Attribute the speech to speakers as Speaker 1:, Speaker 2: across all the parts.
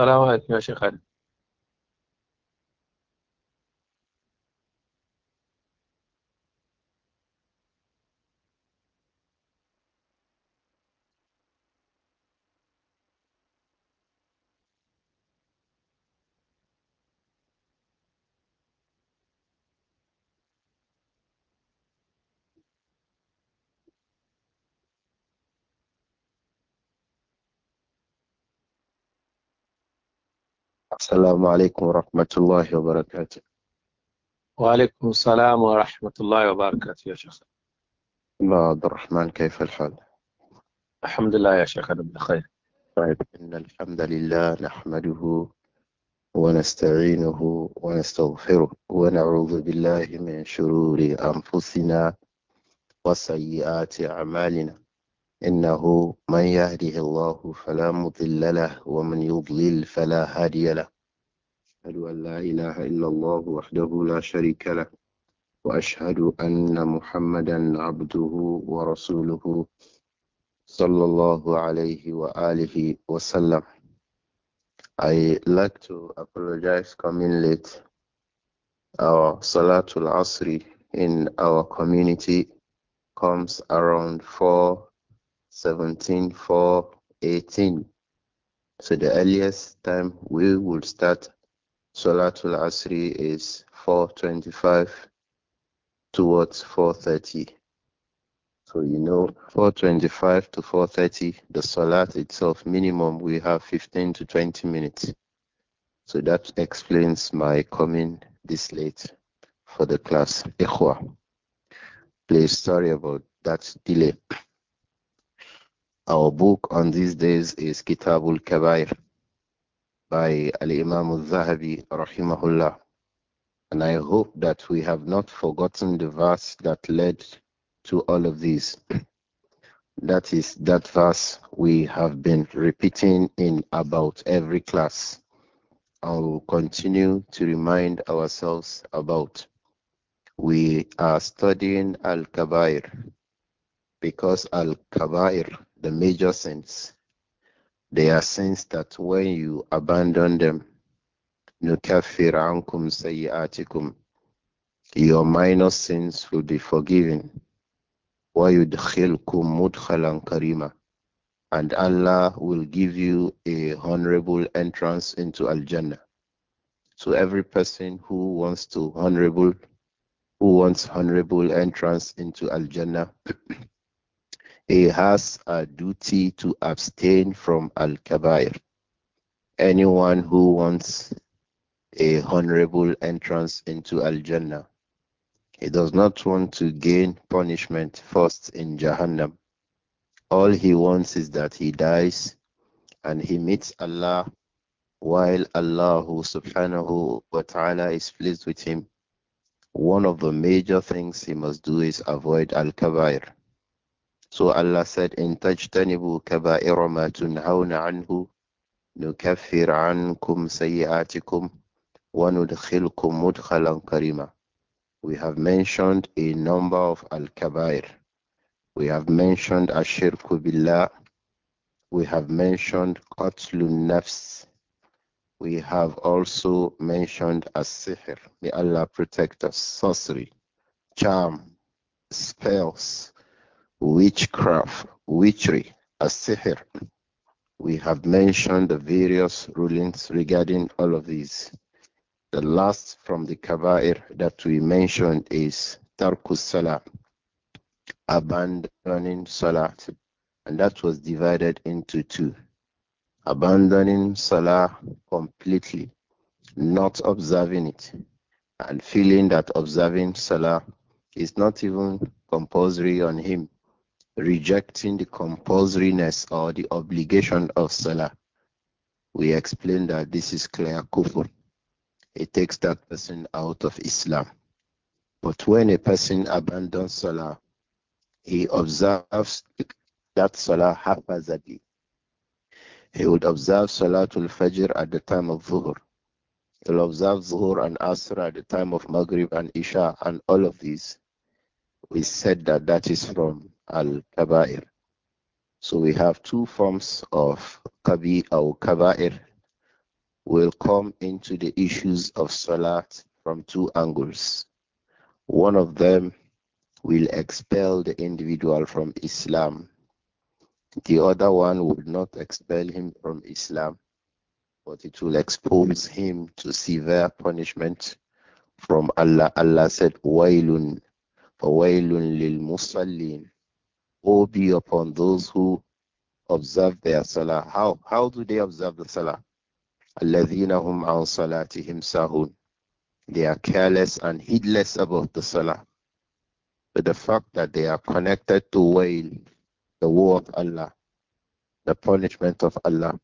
Speaker 1: السلام عليكم يا شيخ السلام عليكم ورحمة الله وبركاته وعليكم السلام ورحمة الله وبركاته يا شيخ الله عبد الرحمن كيف الحال؟ الحمد لله يا شيخ أنا بخير طيب إن الحمد لله نحمده ونستعينه ونستغفره ونعوذ بالله من شرور أنفسنا وسيئات أعمالنا إنه من يهده الله فلا مضل له ومن يضلل فلا هادي له أشهد أن لا إله إلا الله وحده لا شريك له وأشهد أن محمدا عبده ورسوله صلى الله عليه وآله وسلم I like to apologize coming late. Our Salatul Asri in our community comes around 4 17, 4 18. So the earliest time we would start Salatul Asri is 4.25 towards 4.30. So you know 4.25 to 4.30, the Salat itself, minimum we have 15 to 20 minutes. So that explains my coming this late for the class. Ikhwa, please sorry about that delay. Our book on these days is Kitabul Kabair by Al Imam al Zahabi, Rahimahullah. And I hope that we have not forgotten the verse that led to all of these. that is that verse we have been repeating in about every class and will continue to remind ourselves about. We are studying Al Kabair because Al Kabair, the major sins, they are sins that when you abandon them, your minor sins will be forgiven. وَيُدْخِلْكُمْ مُدْخَلًا كَرِيمًا And Allah will give you a honorable entrance into Al-Jannah. So every person who wants to honorable, who wants honorable entrance into Al-Jannah, he has a duty to abstain from Al Kabair. Anyone who wants a honorable entrance into Al Jannah, he does not want to gain punishment first in Jahannam. All he wants is that he dies and he meets Allah while Allah subhanahu wa ta'ala is pleased with him. One of the major things he must do is avoid Al Kabair so Allah said, In tajtanibu kaba'ira ma tunhawna anhu, nukaffir ankum sayyatikum, wa nudkhilkum mudkhalan karima. We have mentioned a number of al-kabair. We have mentioned ashirku billah. We have mentioned qatlun nafs. We have also mentioned as-sihr. May Allah protect us. Sorcery, charm, spells, witchcraft, witchery, as We have mentioned the various rulings regarding all of these. The last from the kaba'ir that we mentioned is tarkus salah, abandoning salah, and that was divided into two. Abandoning salah completely, not observing it, and feeling that observing salah is not even compulsory on him rejecting the compulsoriness or the obligation of salah. We explain that this is clear kufr. It takes that person out of Islam. But when a person abandons salah, he observes that salah haphazardly. He would observe Salatul Fajr at the time of Zuhr. He'll observe Zuhr and Asr at the time of Maghrib and Isha and all of these. We said that that is from al-kaba'ir. So we have two forms of kabi or kaba'ir. We'll come into the issues of salat from two angles. One of them will expel the individual from Islam. The other one would not expel him from Islam, but it will expose him to severe punishment from Allah. Allah said, Wailun, Wailun lil Musallin woe be upon those who observe their salah. How how do they observe the salah? Alladhina hum an salatihim sahun. They are careless and heedless about the salah. But the fact that they are connected to wail, the woe of Allah, the punishment of Allah,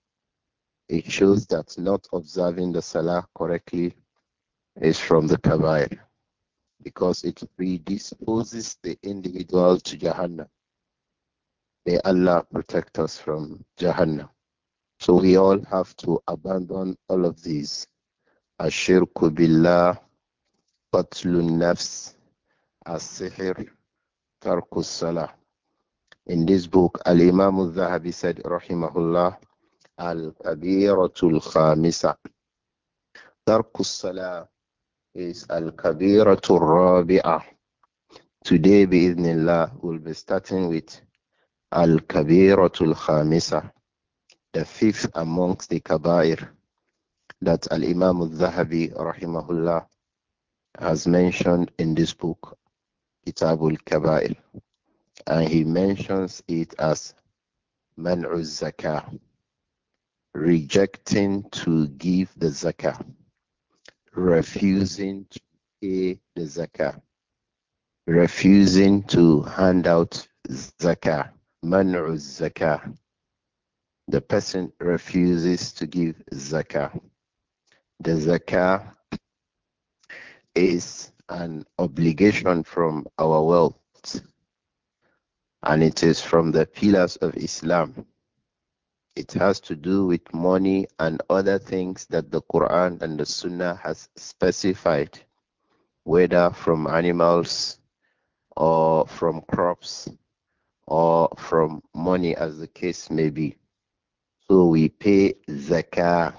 Speaker 1: it shows that not observing the salah correctly is from the kabair because it predisposes the individual to Jahannam. May Allah protect us from Jahannam. So we all have to abandon all of these. Ashirku billah, qatlun nafs, as-sihr, tarkus salah. In this book, Al-Imam al-Zahabi said, rahimahullah, al-kabiratul khamisa. Tarkus salah is al-kabiratul rabi'ah. Today, bi'idhnillah, we'll be starting with Al Kabiratul Khamisa, the fifth amongst the Kabair that Al Imam al Zahabi Rahimahullah has mentioned in this book, Kitabul Kabair. And he mentions it as Man'uz Zakah, rejecting to give the Zakah, refusing to pay the Zakah, refusing to hand out Zakah man'u zakah. The person refuses to give zakah. The zakah is an obligation from our wealth and it is from the pillars of Islam. It has to do with money and other things that the Quran and the Sunnah has specified, whether from animals or from crops or from money, as the case may be. So we pay zakah.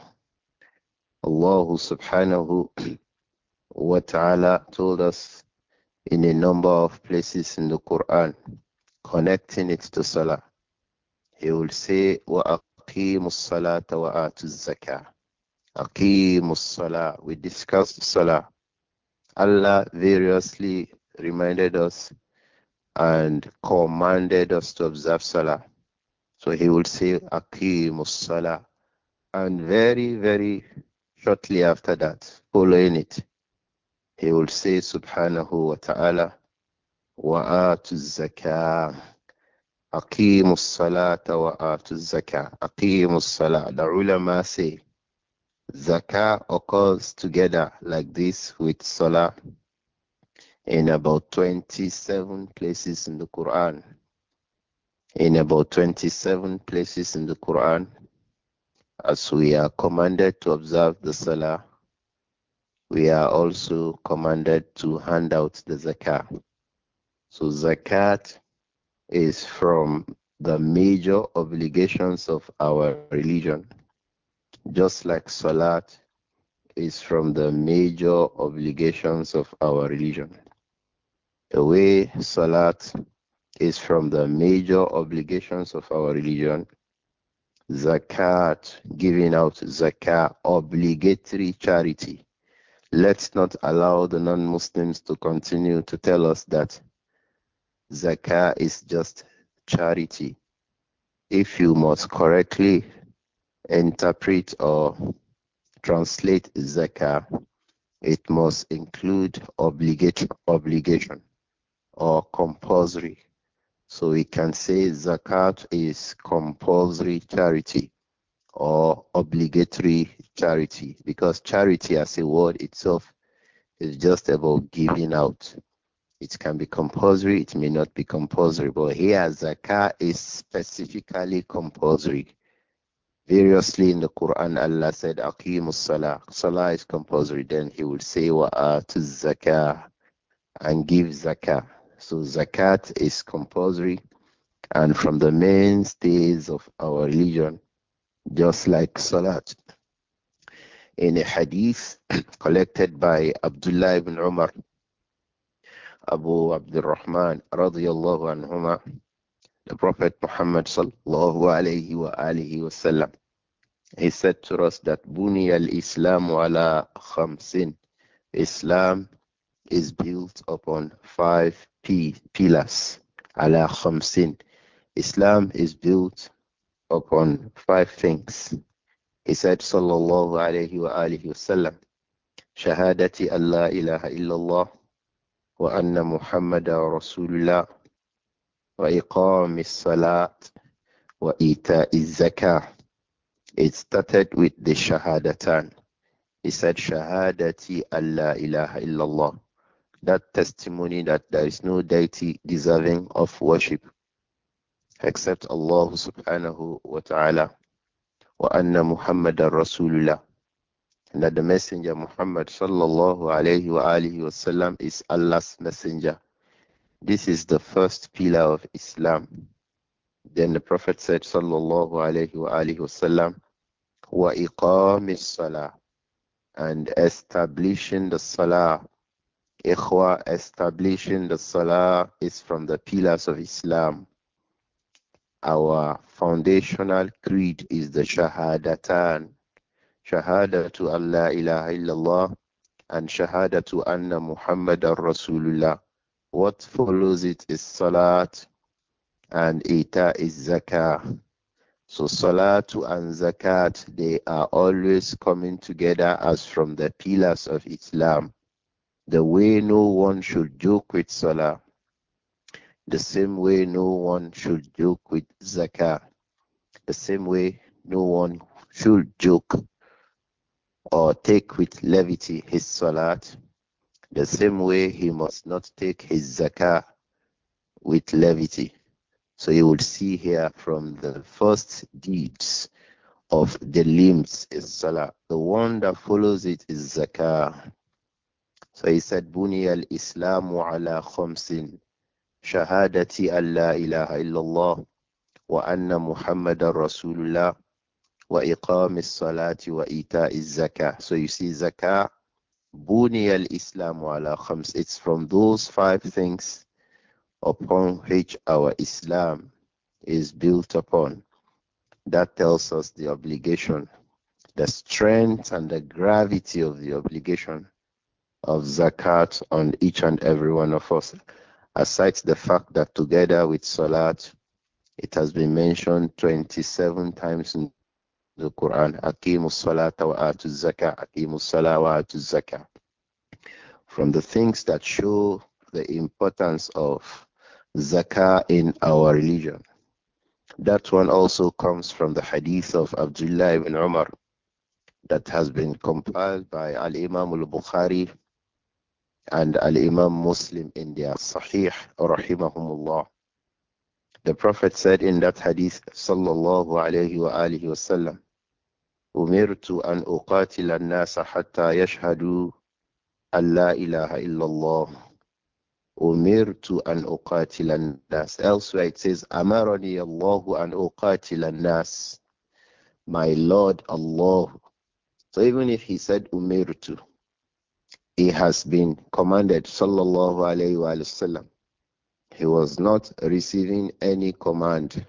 Speaker 1: Allah subhanahu wa ta'ala told us in a number of places in the Quran, connecting it to Salah. He will say, "Wa وَأَقِيمُ wa atu الزَّكَاةَ أَقِيمُ salah We discussed Salah. Allah variously reminded us and commanded us to observe Salah. So he would say, Akimus Salah. And very, very shortly after that, following it, he will say, Subhanahu wa ta'ala, wa atu zakah. Akimus salata wa atu zakah. Akimus salah. The ulama say, zakah occurs together like this with salah in about 27 places in the Quran. In about 27 places in the Quran, as we are commanded to observe the Salah, we are also commanded to hand out the Zakat. So, Zakat is from the major obligations of our religion, just like Salat is from the major obligations of our religion the way Salat is from the major obligations of our religion, Zakat, giving out Zakat, obligatory charity. Let's not allow the non Muslims to continue to tell us that Zakat is just charity. If you must correctly interpret or translate Zakat, it must include obligatory obligation or compulsory. So we can say zakat is compulsory charity or obligatory charity because charity as a word itself is just about giving out. It can be compulsory, it may not be compulsory, but here zakat is specifically compulsory. Variously in the Quran, Allah said, Aqimus Salah. Salah is compulsory. Then He will say, Wa'atu Zakah, and give Zakah. So zakat is compulsory and from the mainstays of our religion, just like salat. In a hadith collected by Abdullah ibn Umar, Abu Abdurrahman radiyallahu anhuma, the Prophet Muhammad sallallahu alayhi wa alihi wasallam, he said to us that Buni al Islam ala khamsin. Islam is built upon five P pillars. Ala khamsin. Islam is built upon five things. He said, Sallallahu alayhi wa alihi wasallam, Shahadati Allah ilaha illallah wa anna Muhammada Rasulullah wa iqamis salat wa ita'iz zakah. It started with the Shahadatan. He said, Shahadati Allah ilaha illallah that testimony that there is no deity deserving of worship except Allah subhanahu wa ta'ala wa anna Muhammadan Rasulullah and that the messenger Muhammad sallallahu alayhi wa alihi wasallam is Allah's messenger. This is the first pillar of Islam. Then the Prophet said sallallahu alayhi wa alihi wasallam wa iqamis salah and establishing the salah Ikhwa, establishing the Salah is from the pillars of Islam. Our foundational creed is the Shahadatan. to Allah ilaha illallah and shahada to anna Muhammadan Rasulullah. What follows it is Salat and Ita is Zakah. So salah and Zakat, they are always coming together as from the pillars of Islam. The way no one should joke with Salah, the same way no one should joke with Zakah, the same way no one should joke or take with levity his Salat, the same way he must not take his Zakah with levity. So you would see here from the first deeds of the limbs is Salah. The one that follows it is Zakah. So he said, Buni al Islamu ala khamsin. Shahadati Allah la ilaha illallah wa anna Muhammadan Rasulullah wa iqam salati wa ita zakah. So you see zakah, Buni al Islamu ala khams. It's from those five things upon which our Islam is built upon. That tells us the obligation, the strength and the gravity of the obligation of zakat on each and every one of us, aside the fact that together with salat, it has been mentioned 27 times in the Quran. Akimu salata wa atu zakah, akimu salah wa atu zakah. From the things that show the importance of zakah in our religion. That one also comes from the hadith of Abdullah ibn Umar that has been compiled by Al Imam al Bukhari and Al Imam Muslim in their Sahih, rahimahumullah. The Prophet said in that hadith, sallallahu alayhi wa alihi wasallam, "Umirtu an أقاتل الناس حتى hatta yashhadu an إله إلا umirtu an uqatilan nas. Elsewhere it says, Amarani Allahu an an nas. My Lord Allah. So even if he said umirtu, he has been commanded sallallahu alayhi wasallam he was not receiving any command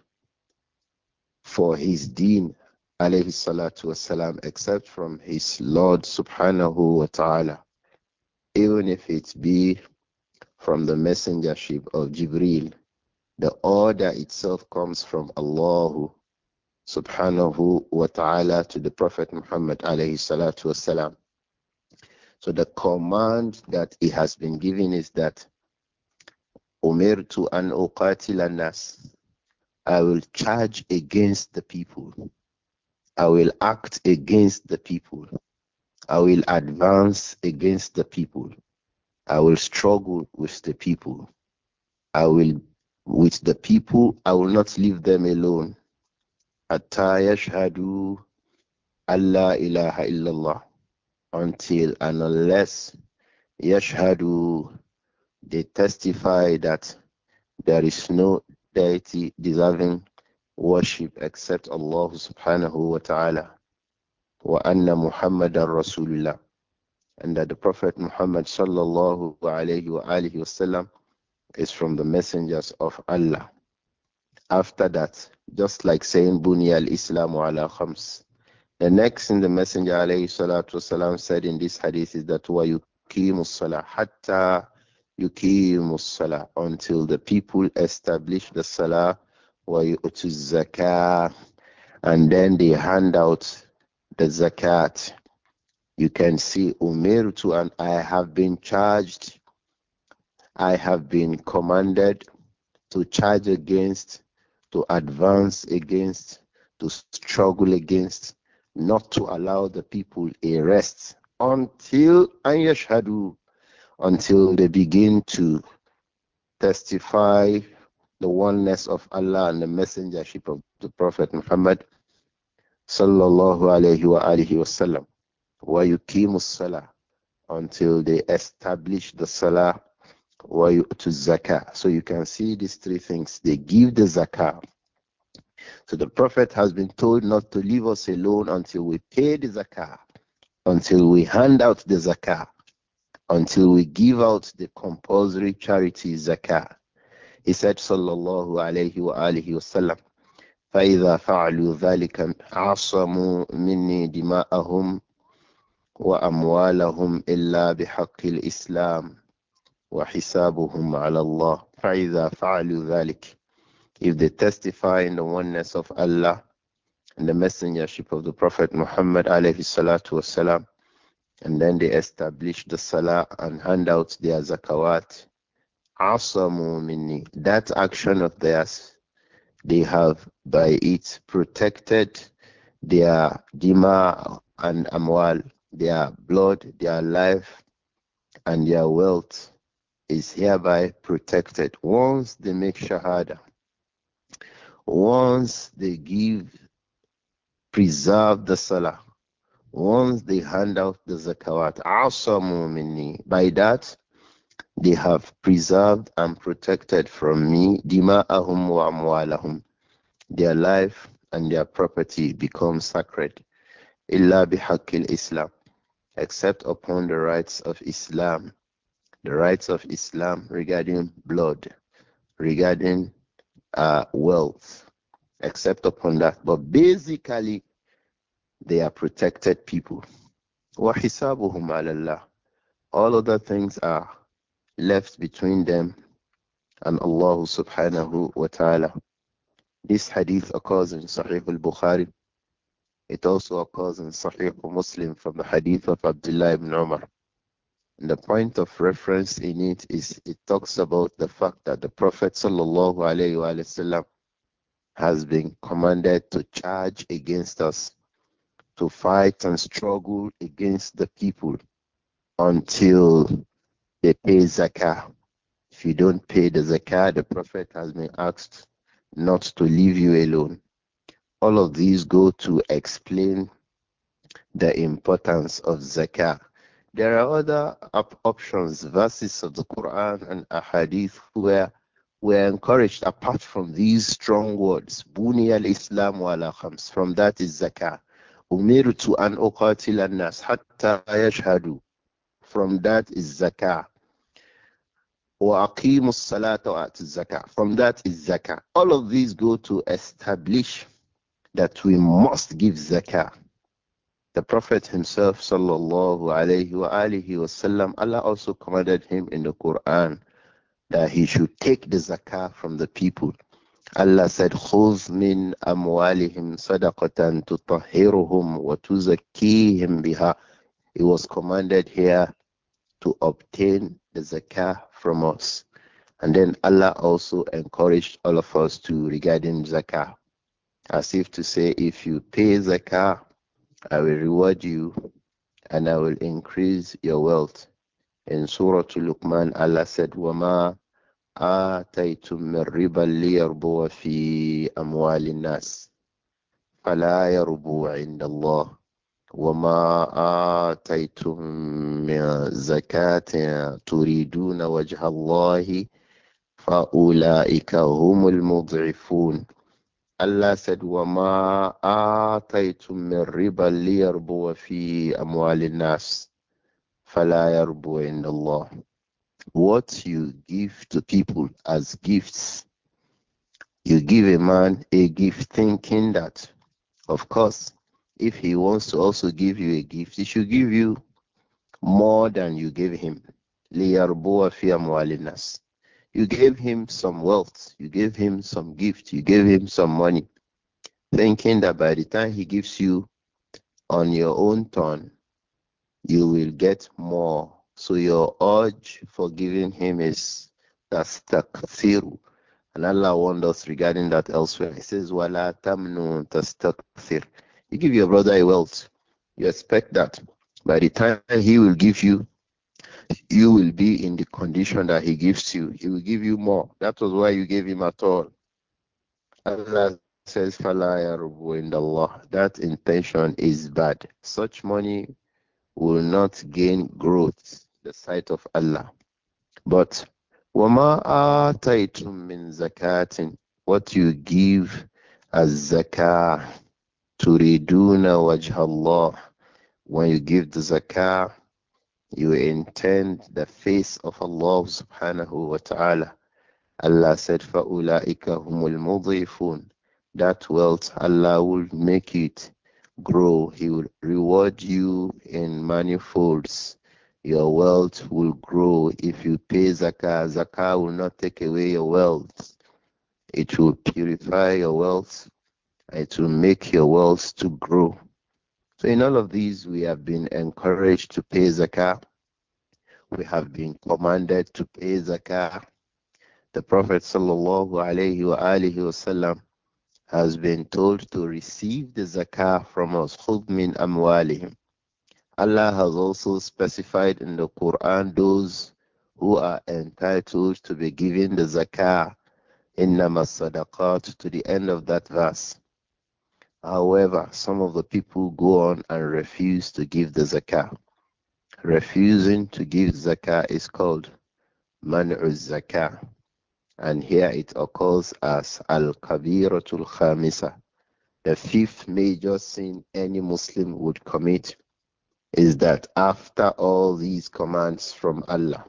Speaker 1: for his deen alayhi salatu wasalam except from his lord subhanahu wa ta'ala even if it be from the messengership of jibril the order itself comes from allah subhanahu wa ta'ala to the prophet muhammad alayhi salatu wasalam so the command that he has been given is that to an uqatil nas. I will charge against the people. I will act against the people. I will advance against the people. I will struggle with the people. I will with the people, I will not leave them alone. Hatta yashhadu Allah ilaha illallah until and unless yashhadu they testify that there is no deity deserving worship except Allah subhanahu wa ta'ala wa anna al rasulullah and that the prophet muhammad sallallahu alayhi wa alihi wasallam is from the messengers of Allah after that just like saying Islam wa ala khams the next thing the Messenger والسلام, said in this hadith is that وَيُقِيمُ الصَّلَاةَ حَتَّى يُقِيمُ الصَّلَاةَ until the people establish the salah وَيُؤْتُ الزَّكَاةَ and then they hand out the zakat. You can see Umirtu and I have been charged, I have been commanded to charge against, to advance against, to struggle against not to allow the people a rest until Anyashhadu, until they begin to testify the oneness of Allah and the messengership of the Prophet Muhammad sallallahu alayhi wa alihi wasallam wa yuqimu salah until they establish the salah wa to zakah so you can see these three things they give the zakah so the Prophet has been told not to leave us alone until we pay the zakah, until we hand out the zakah, until we give out the compulsory charity zakah. He said, Sallallahu alayhi wa alihi wasallam, فَإِذَا فَعَلُوا ذَلِكَ عَصَمُوا مِنِّي دِمَاءَهُمْ وَأَمْوَالَهُمْ إِلَّا بِحَقِّ الْإِسْلَامِ وَحِسَابُهُمْ عَلَى اللَّهِ فَإِذَا فَعَلُوا ذَلِكَ if they testify in the oneness of Allah and the messengership of the Prophet Muhammad alayhi salatu and then they establish the salah and hand out their zakawat. Asamu minni. That action of theirs, they have by it protected their dima and amwal, their blood, their life, and their wealth is hereby protected once they make shahada. Once they give, preserve the salah. Once they hand out the zakawat, asamu minni. By that, they have preserved and protected from me dima'ahum wa amwalahum. Their life and their property become sacred. Illa bihaqil Islam. Except upon the rights of Islam. The rights of Islam regarding blood, regarding uh, wealth, except upon that. But basically, they are protected people. All other things are left between them and Allah subhanahu wa ta'ala. This hadith occurs in Sahih al-Bukhari. It also occurs in Sahih Muslim from the hadith of Abdullah ibn Umar the point of reference in it is it talks about the fact that the Prophet وسلم, has been commanded to charge against us, to fight and struggle against the people until they pay zakah. If you don't pay the zakah, the Prophet has been asked not to leave you alone. All of these go to explain the importance of zakah there are other op options, verses of the Quran and Ahadith, where we are encouraged, apart from these strong words, Buni al Islam wa khams, from that is zakah. Umirtu an uqatil an nas hatta yashhadu, from that is zakah. Wa aqimu salata wa zakah, from that is zakah. All of these go to establish that we must give zakah the Prophet himself, sallallahu alaihi wasallam, Allah also commanded him in the Quran that he should take the zakah from the people. Allah said, خُذْ مِنْ أَمْوَالِهِمْ صَدَقَةً تُطَهِّرُهُمْ وَتُزَكِّيهِمْ بِهَا It was commanded here to obtain the zakah from us. And then Allah also encouraged all of us to regarding zakah, as if to say, if you pay zakah, I will reward you and I will increase your wealth. In Surah Luqman, Allah said, وَمَا آتَيْتُم مِّن رِّبًا لِيَرْبُوَ فِي أَمْوَالِ النَّاسِ فَلَا يَرْبُو عِندَ اللَّهِ وما آتيتم من زكاة تريدون وجه الله فأولئك هم المضعفون Allah said, وَمَا آتَيْتُم مِّن رِبًا لِيَرْبُوَ fi أَمْوَالِ النَّاسِ فَلَا يَرْبُوَ إِنَّ اللَّهِ What you give to people as gifts, you give a man a gift thinking that, of course, if he wants to also give you a gift, he should give you more than you gave him. لِيَرْبُوَ fi أَمْوَالِ النَّاسِ you gave him some wealth, you gave him some gift, you gave him some money, thinking that by the time he gives you on your own turn, you will get more. So your urge for giving him is that's And Allah warned us regarding that elsewhere. He says, Wala tamnu tastakthir. You give your brother a wealth. You expect that by the time he will give you, you will be in the condition that he gives you. He will give you more. That was why you gave him at all. Allah says, Allah. That intention is bad. Such money will not gain growth the sight of Allah. But What you give as zakah, تُرِيدُونَ وَجْهَ Allah, When you give the zakah, you intend the face of Allah subhanahu wa ta'ala. Allah said, فَأُولَٰئِكَ هُمُ الْمُضِيفُونَ That wealth, Allah will make it grow. He will reward you in folds. Your wealth will grow if you pay zakah. Zakah will not take away your wealth. It will purify your wealth. It will make your wealth to grow. So, in all of these, we have been encouraged to pay zakah. We have been commanded to pay zakah. The Prophet وسلم, has been told to receive the zakah from us. min amwalihim. Allah has also specified in the Quran those who are entitled to be given the zakah in sadaqat to the end of that verse. However, some of the people go on and refuse to give the zakah. Refusing to give zakah is called man'uz zakah. And here it occurs as al-kabiratul khamisa. The fifth major sin any Muslim would commit is that after all these commands from Allah,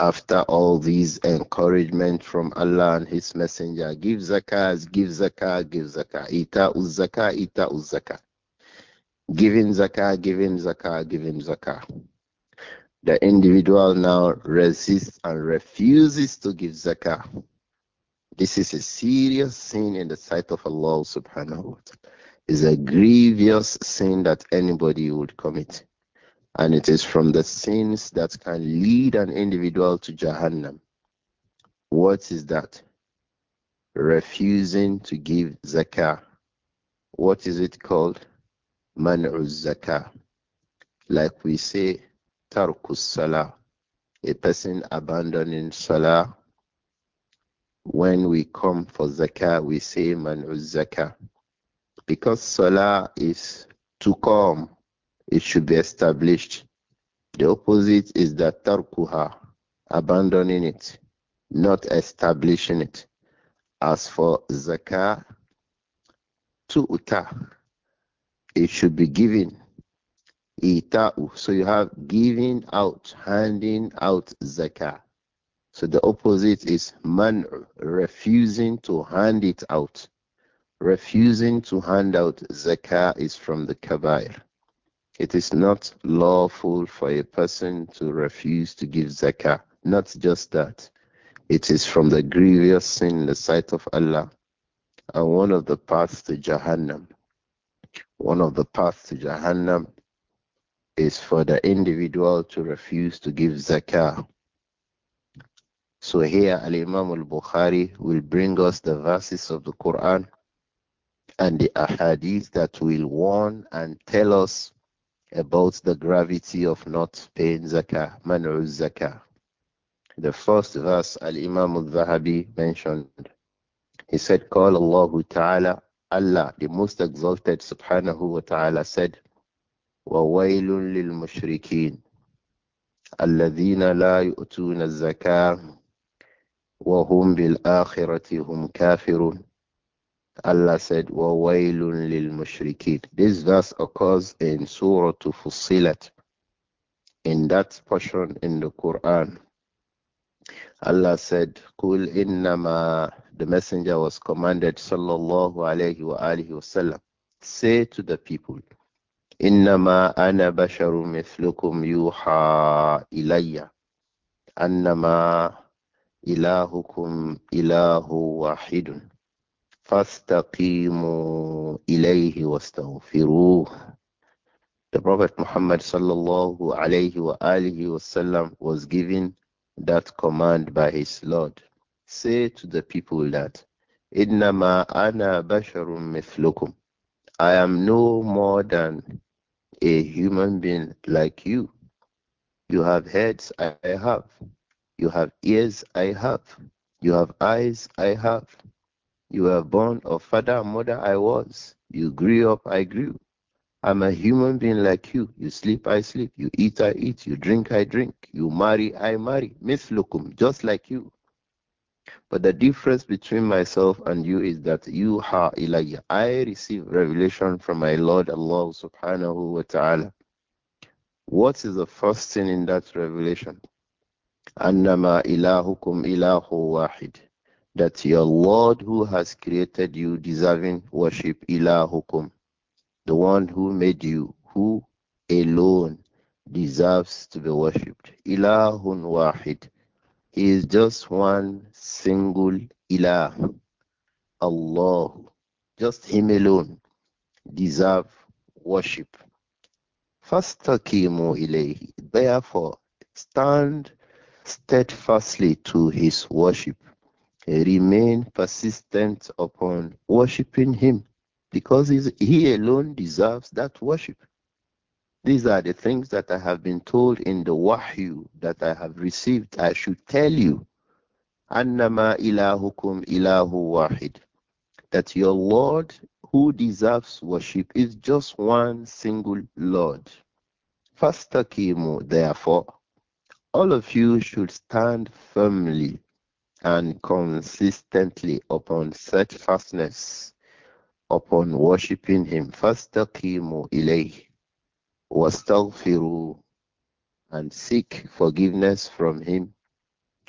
Speaker 1: after all these encouragement from Allah and His Messenger, give zakah, give zakah, give zakah, ita uz zakah, ita uz zakah. Giving zakah, giving zakah, giving zakah. The individual now resists and refuses to give zakah. This is a serious sin in the sight of Allah subhanahu wa ta'ala. It's a grievous sin that anybody would commit. And it is from the sins that can lead an individual to Jahannam. What is that? Refusing to give zakah. What is it called? Man'uz zakah. Like we say, tarkus salah. A person abandoning salah. When we come for zakah, we say man'uz zakah. Because salah is to come it should be established. The opposite is that tarkuha, abandoning it, not establishing it. As for zakah, tu'ta, it should be given. Ita'u, so you have giving out, handing out zakah. So the opposite is man refusing to hand it out. Refusing to hand out zakah is from the kabair. It is not lawful for a person to refuse to give zakah. Not just that. It is from the grievous sin in the sight of Allah and one of the paths to Jahannam. One of the paths to Jahannam is for the individual to refuse to give zakah. So here Al Imam al Bukhari will bring us the verses of the Quran and the ahadith that will warn and tell us about the gravity of not paying zakah, manu zakah. The first verse Al Imam al Zahabi mentioned, he said, Call Allah Ta'ala, Allah, the most exalted subhanahu wa ta'ala said, Wa وَوَيْلٌ la الَّذِينَ لَا wa hum bil akhirati hum kafirun." Allah said, وَوَيْلٌ لِلْمُشْرِكِينَ This verse occurs in Surah Fussilat. In that portion in the Quran, Allah said, قُلْ إِنَّمَا The messenger was commanded, sallallahu alayhi wa alihi wasallam, say to the people, إِنَّمَا أَنَا بَشَرٌ مِثْلُكُمْ يُوحَى إِلَيَّ أَنَّمَا إِلَهُكُمْ إِلَهُ وَاحِدٌ فاستقيموا إليه واستغفروه the Prophet Muhammad sallallahu alayhi wa alihi wasallam was given that command by his Lord. Say to the people that Innama ana basharun mithlukum. I am no more than a human being like you. You have heads, I have. You have ears, I have. You have eyes, I have. You were born of father and mother, I was. You grew up, I grew. I'm a human being like you. You sleep, I sleep. You eat, I eat. You drink, I drink. You marry, I marry. Miss Lukum, just like you. But the difference between myself and you is that you ha ilayya. I receive revelation from my Lord Allah subhanahu wa ta'ala. What is the first thing in that revelation? Annama ilahukum ilahu wahid that your Lord who has created you deserving worship, Ilahukum, the one who made you, who alone deserves to be worshipped. Ilahun Wahid. He is just one single Ilah. Allah. Just Him alone deserve worship. Fastakimu ilayhi. Therefore, stand steadfastly to His worship remain persistent upon worshiping Him because He alone deserves that worship. These are the things that I have been told in the wahyu that I have received. I should tell you, Annama ilahukum ilahu wahid, that your Lord who deserves worship is just one single Lord. Fastakimu, therefore, all of you should stand firmly and consistently upon steadfastness upon worshipping him. Fastaqimu was wastaghfiru and seek forgiveness from him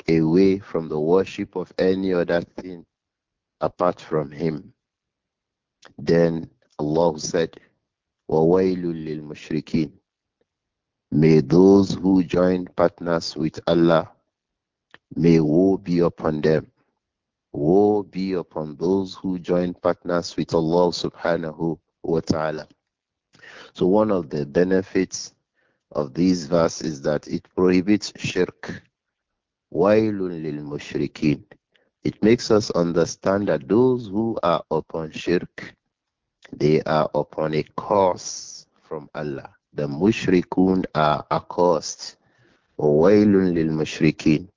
Speaker 1: away from the worship of any other thing apart from him. Then Allah said, وَوَيْلٌ mushrikin." May those who join partners with Allah May woe be upon them. Woe be upon those who join partners with Allah subhanahu wa ta'ala. So, one of the benefits of this verse is that it prohibits shirk. Wailun lil mushrikeen. It makes us understand that those who are upon shirk, they are upon a curse from Allah. The mushrikun are accursed. Wailun lil mushrikeen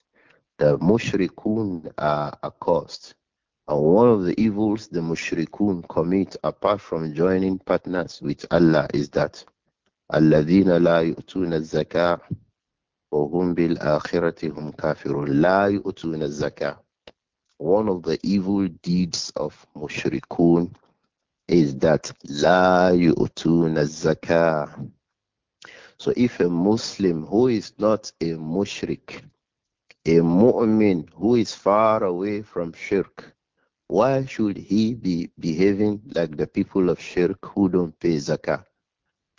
Speaker 1: the mushrikun are accursed. And one of the evils the mushrikun commit apart from joining partners with Allah is that الَّذِينَ لَا يُؤْتُونَ الزَّكَاةَ وَهُمْ بِالْآخِرَةِ هُمْ كَافِرُونَ لَا يُؤْتُونَ الزَّكَاةَ One of the evil deeds of mushrikun is that لَا يُؤْتُونَ الزَّكَاةَ So if a Muslim who is not a mushrik a mu'min who is far away from shirk, why should he be behaving like the people of shirk who don't pay zakah?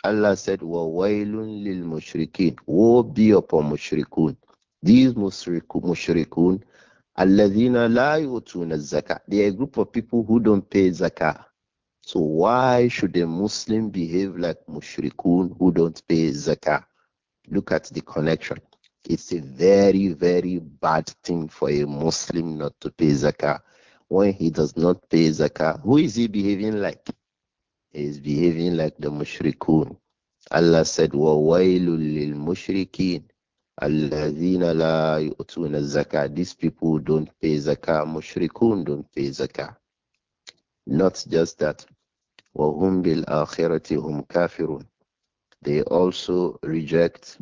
Speaker 1: Allah said, wa'ilun lil Woe be upon mushrikun. These mushrikun, alladhina la yutuna zakah. They are a group of people who don't pay zakah. So why should a Muslim behave like mushrikun who don't pay zakah? Look at the connection. It's a very, very bad thing for a Muslim not to pay zakah. When he does not pay zakah, who is he behaving like? He's behaving like the mushrikun. Allah said, وَوَيْلٌ لِلْمُشْرِكِينَ الَّذِينَ لَا يُؤْتُونَ الزَّكَاةَ These people don't pay zakah. Mushrikun don't pay zakah. Not just that. وَهُمْ بِالْآخِرَةِ هُمْ كَافِرُونَ They also reject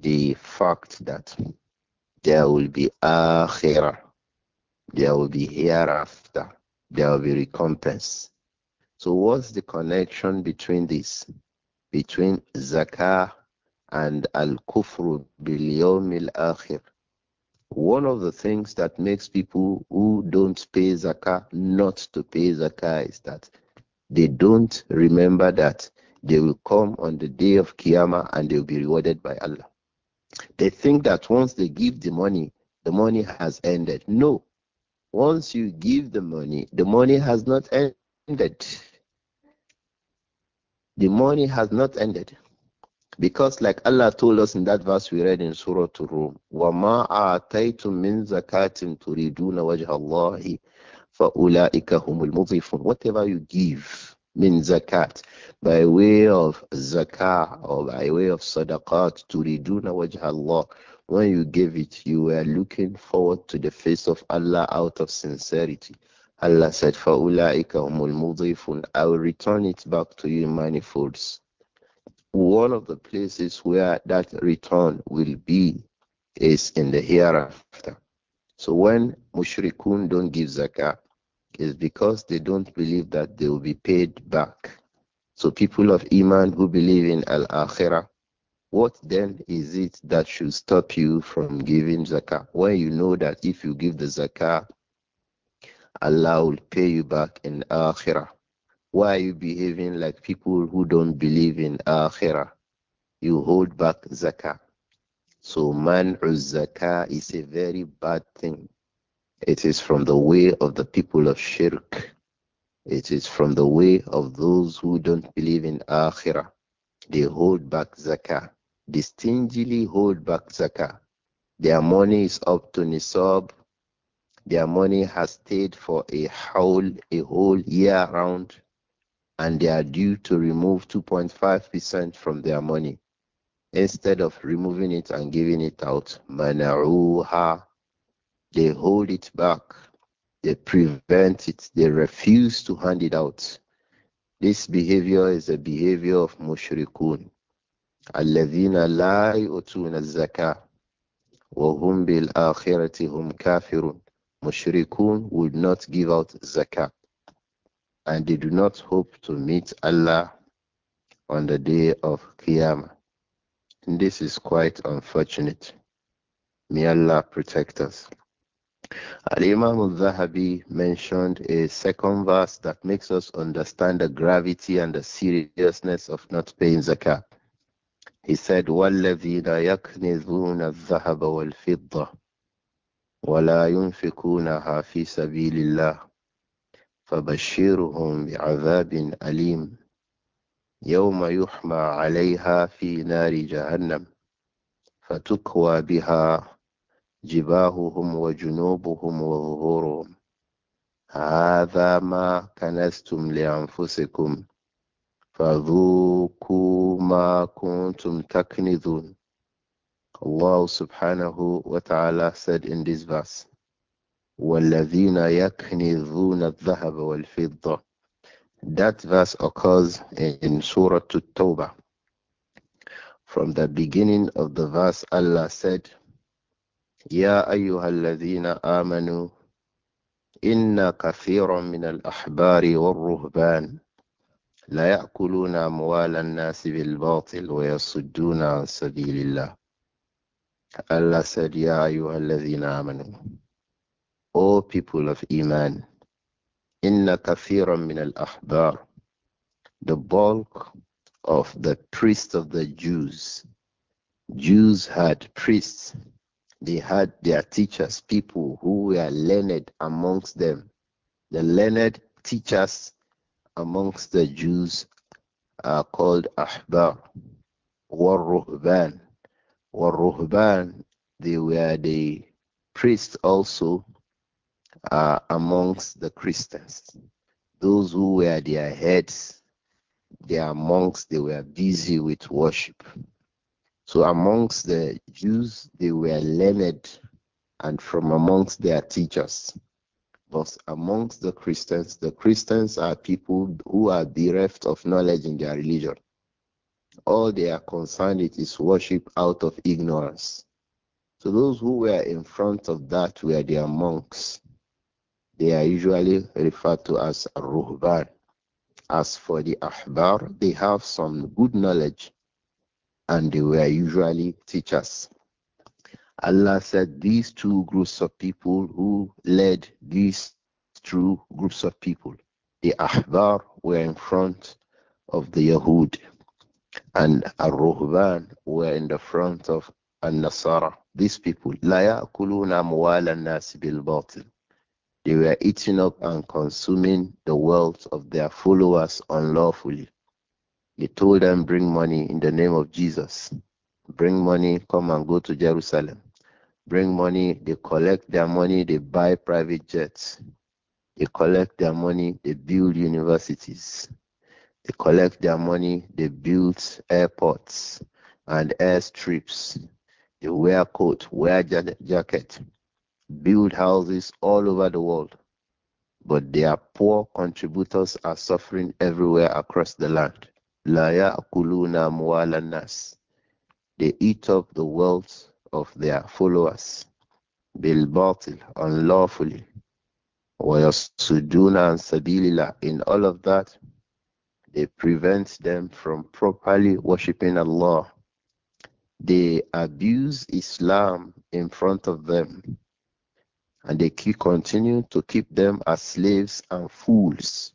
Speaker 1: the fact that there will be akhirah, there will be hereafter, there will be recompense. So, what's the connection between this? Between zakah and al kufru bil yawmil akhir. One of the things that makes people who don't pay zakah not to pay zakah is that they don't remember that they will come on the day of Qiyamah and they will be rewarded by Allah. They think that once they give the money, the money has ended. No. Once you give the money, the money has not ended. The money has not ended. Because like Allah told us in that verse we read in Surah Rum, وَمَا آتَيْتُم مِّن زَكَاتٍ تُرِيدُونَ وَجْهَ اللَّهِ فَأُولَٰئِكَ هُمُ الْمُضِيفُونَ Whatever you give, min zakat by way of zakah or by way of sadaqat to riduna wajah Allah. When you gave it, you were looking forward to the face of Allah out of sincerity. Allah said, فَأُولَٰئِكَ هُمُ الْمُضِيفُونَ I will return it back to you in manifolds. One of the places where that return will be is in the hereafter. So when mushrikun don't give zakah, is because they don't believe that they will be paid back. So people of Iman who believe in Al Akhirah, what then is it that should stop you from giving zakah when you know that if you give the zakah, Allah will pay you back in Akhirah? Why are you behaving like people who don't believe in Akhirah? You hold back zakah. So man'u zakah is a very bad thing. It is from the way of the people of Shirk. It is from the way of those who don't believe in Akhirah. They hold back Zakah. They stingily hold back Zakah. Their money is up to Nisab. Their money has stayed for a whole, a whole year round. And they are due to remove 2.5% from their money. Instead of removing it and giving it out, manarouha. They hold it back, they prevent it, they refuse to hand it out. This behavior is a behavior of mushrikun. الذين لا يؤتون الزكاة وهم بالآخرة hum kafirun. mushrikun would not give out Zakah, and they do not hope to meet Allah on the day of Qiyamah. this is quite unfortunate. May Allah protect us. Al Imam al Zahabi mentioned a second verse that makes us understand the gravity and the seriousness of not paying zakat. He said, وَالَّذِينَ يَكْنِزُونَ الذَّهَبَ وَالْفِضَّةَ وَلَا يُنْفِقُونَهَا فِي سَبِيلِ اللَّهِ فَبَشِّرْهُمْ بِعَذَابٍ أَلِيمٍ يَوْمَ يُحْمَى عَلَيْهَا فِي نَارِ جَهَنَّمَ فَتُكْوَى بِهَا جباههم وجنوبهم وظهورهم هذا ما كنستم لأنفسكم فذوقوا ما كنتم تكنذون الله سبحانه وتعالى said in this verse وَالَّذِينَ يَكْنِذُونَ الذَّهَبَ وَالْفِضَّةِ That verse occurs in Surah At-Tawbah. From the beginning of the verse, Allah said, يا أيها الذين آمنوا إن كثيرا من الأحبار والرهبان لا يأكلون أموال الناس بالباطل ويصدون عن سبيل الله Allah said, Ya ayyuhalladhina amanu. O people of Iman, inna kathiran min al-ahbar. The bulk of the priests of the Jews. Jews had priests. They had their teachers, people who were learned amongst them. The learned teachers amongst the Jews are called Ahbar, Warruhban. Ruhban. they were the priests also uh, amongst the Christians. Those who were their heads, their monks, they were busy with worship. So amongst the Jews, they were learned and from amongst their teachers. But amongst the Christians, the Christians are people who are bereft of knowledge in their religion. All they are concerned with is worship out of ignorance. So those who were in front of that were their monks. They are usually referred to as ruhban. As for the ahbar, they have some good knowledge and they were usually teachers. Allah said these two groups of people who led these two groups of people, the Ahbar were in front of the Yahud, and Ar-Ruhban were in the front of An-Nasara. These people, لا يأكلون They were eating up and consuming the wealth of their followers unlawfully. He told them, Bring money in the name of Jesus. Bring money, come and go to Jerusalem. Bring money, they collect their money, they buy private jets. They collect their money, they build universities. They collect their money, they build airports and airstrips. They wear coat, wear jacket, build houses all over the world. But their poor contributors are suffering everywhere across the land. La ya'kuluna amwalan nas. They eat up the wealth of their followers bil batil unlawfully. Wa suduna and sabilillah. In all of that, they prevent them from properly worshipping Allah. They abuse Islam in front of them and they keep, continue to keep them as slaves and fools.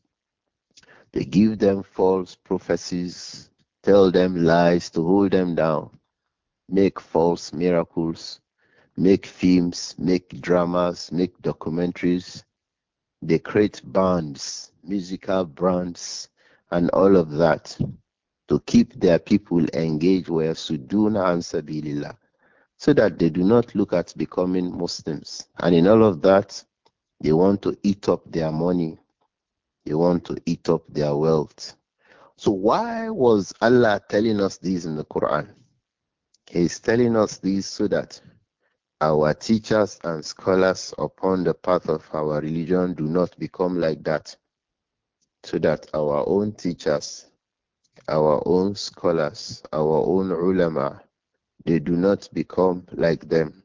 Speaker 1: They give them false prophecies, tell them lies to hold them down, make false miracles, make films, make dramas, make documentaries. They create bands, musical brands, and all of that to keep their people engaged where Suduna and Sabilillah, so that they do not look at becoming Muslims. And in all of that, they want to eat up their money they want to eat up their wealth. So why was Allah telling us this in the Quran? He's telling us this so that our teachers and scholars upon the path of our religion do not become like that. So that our own teachers, our own scholars, our own ulama, they do not become like them.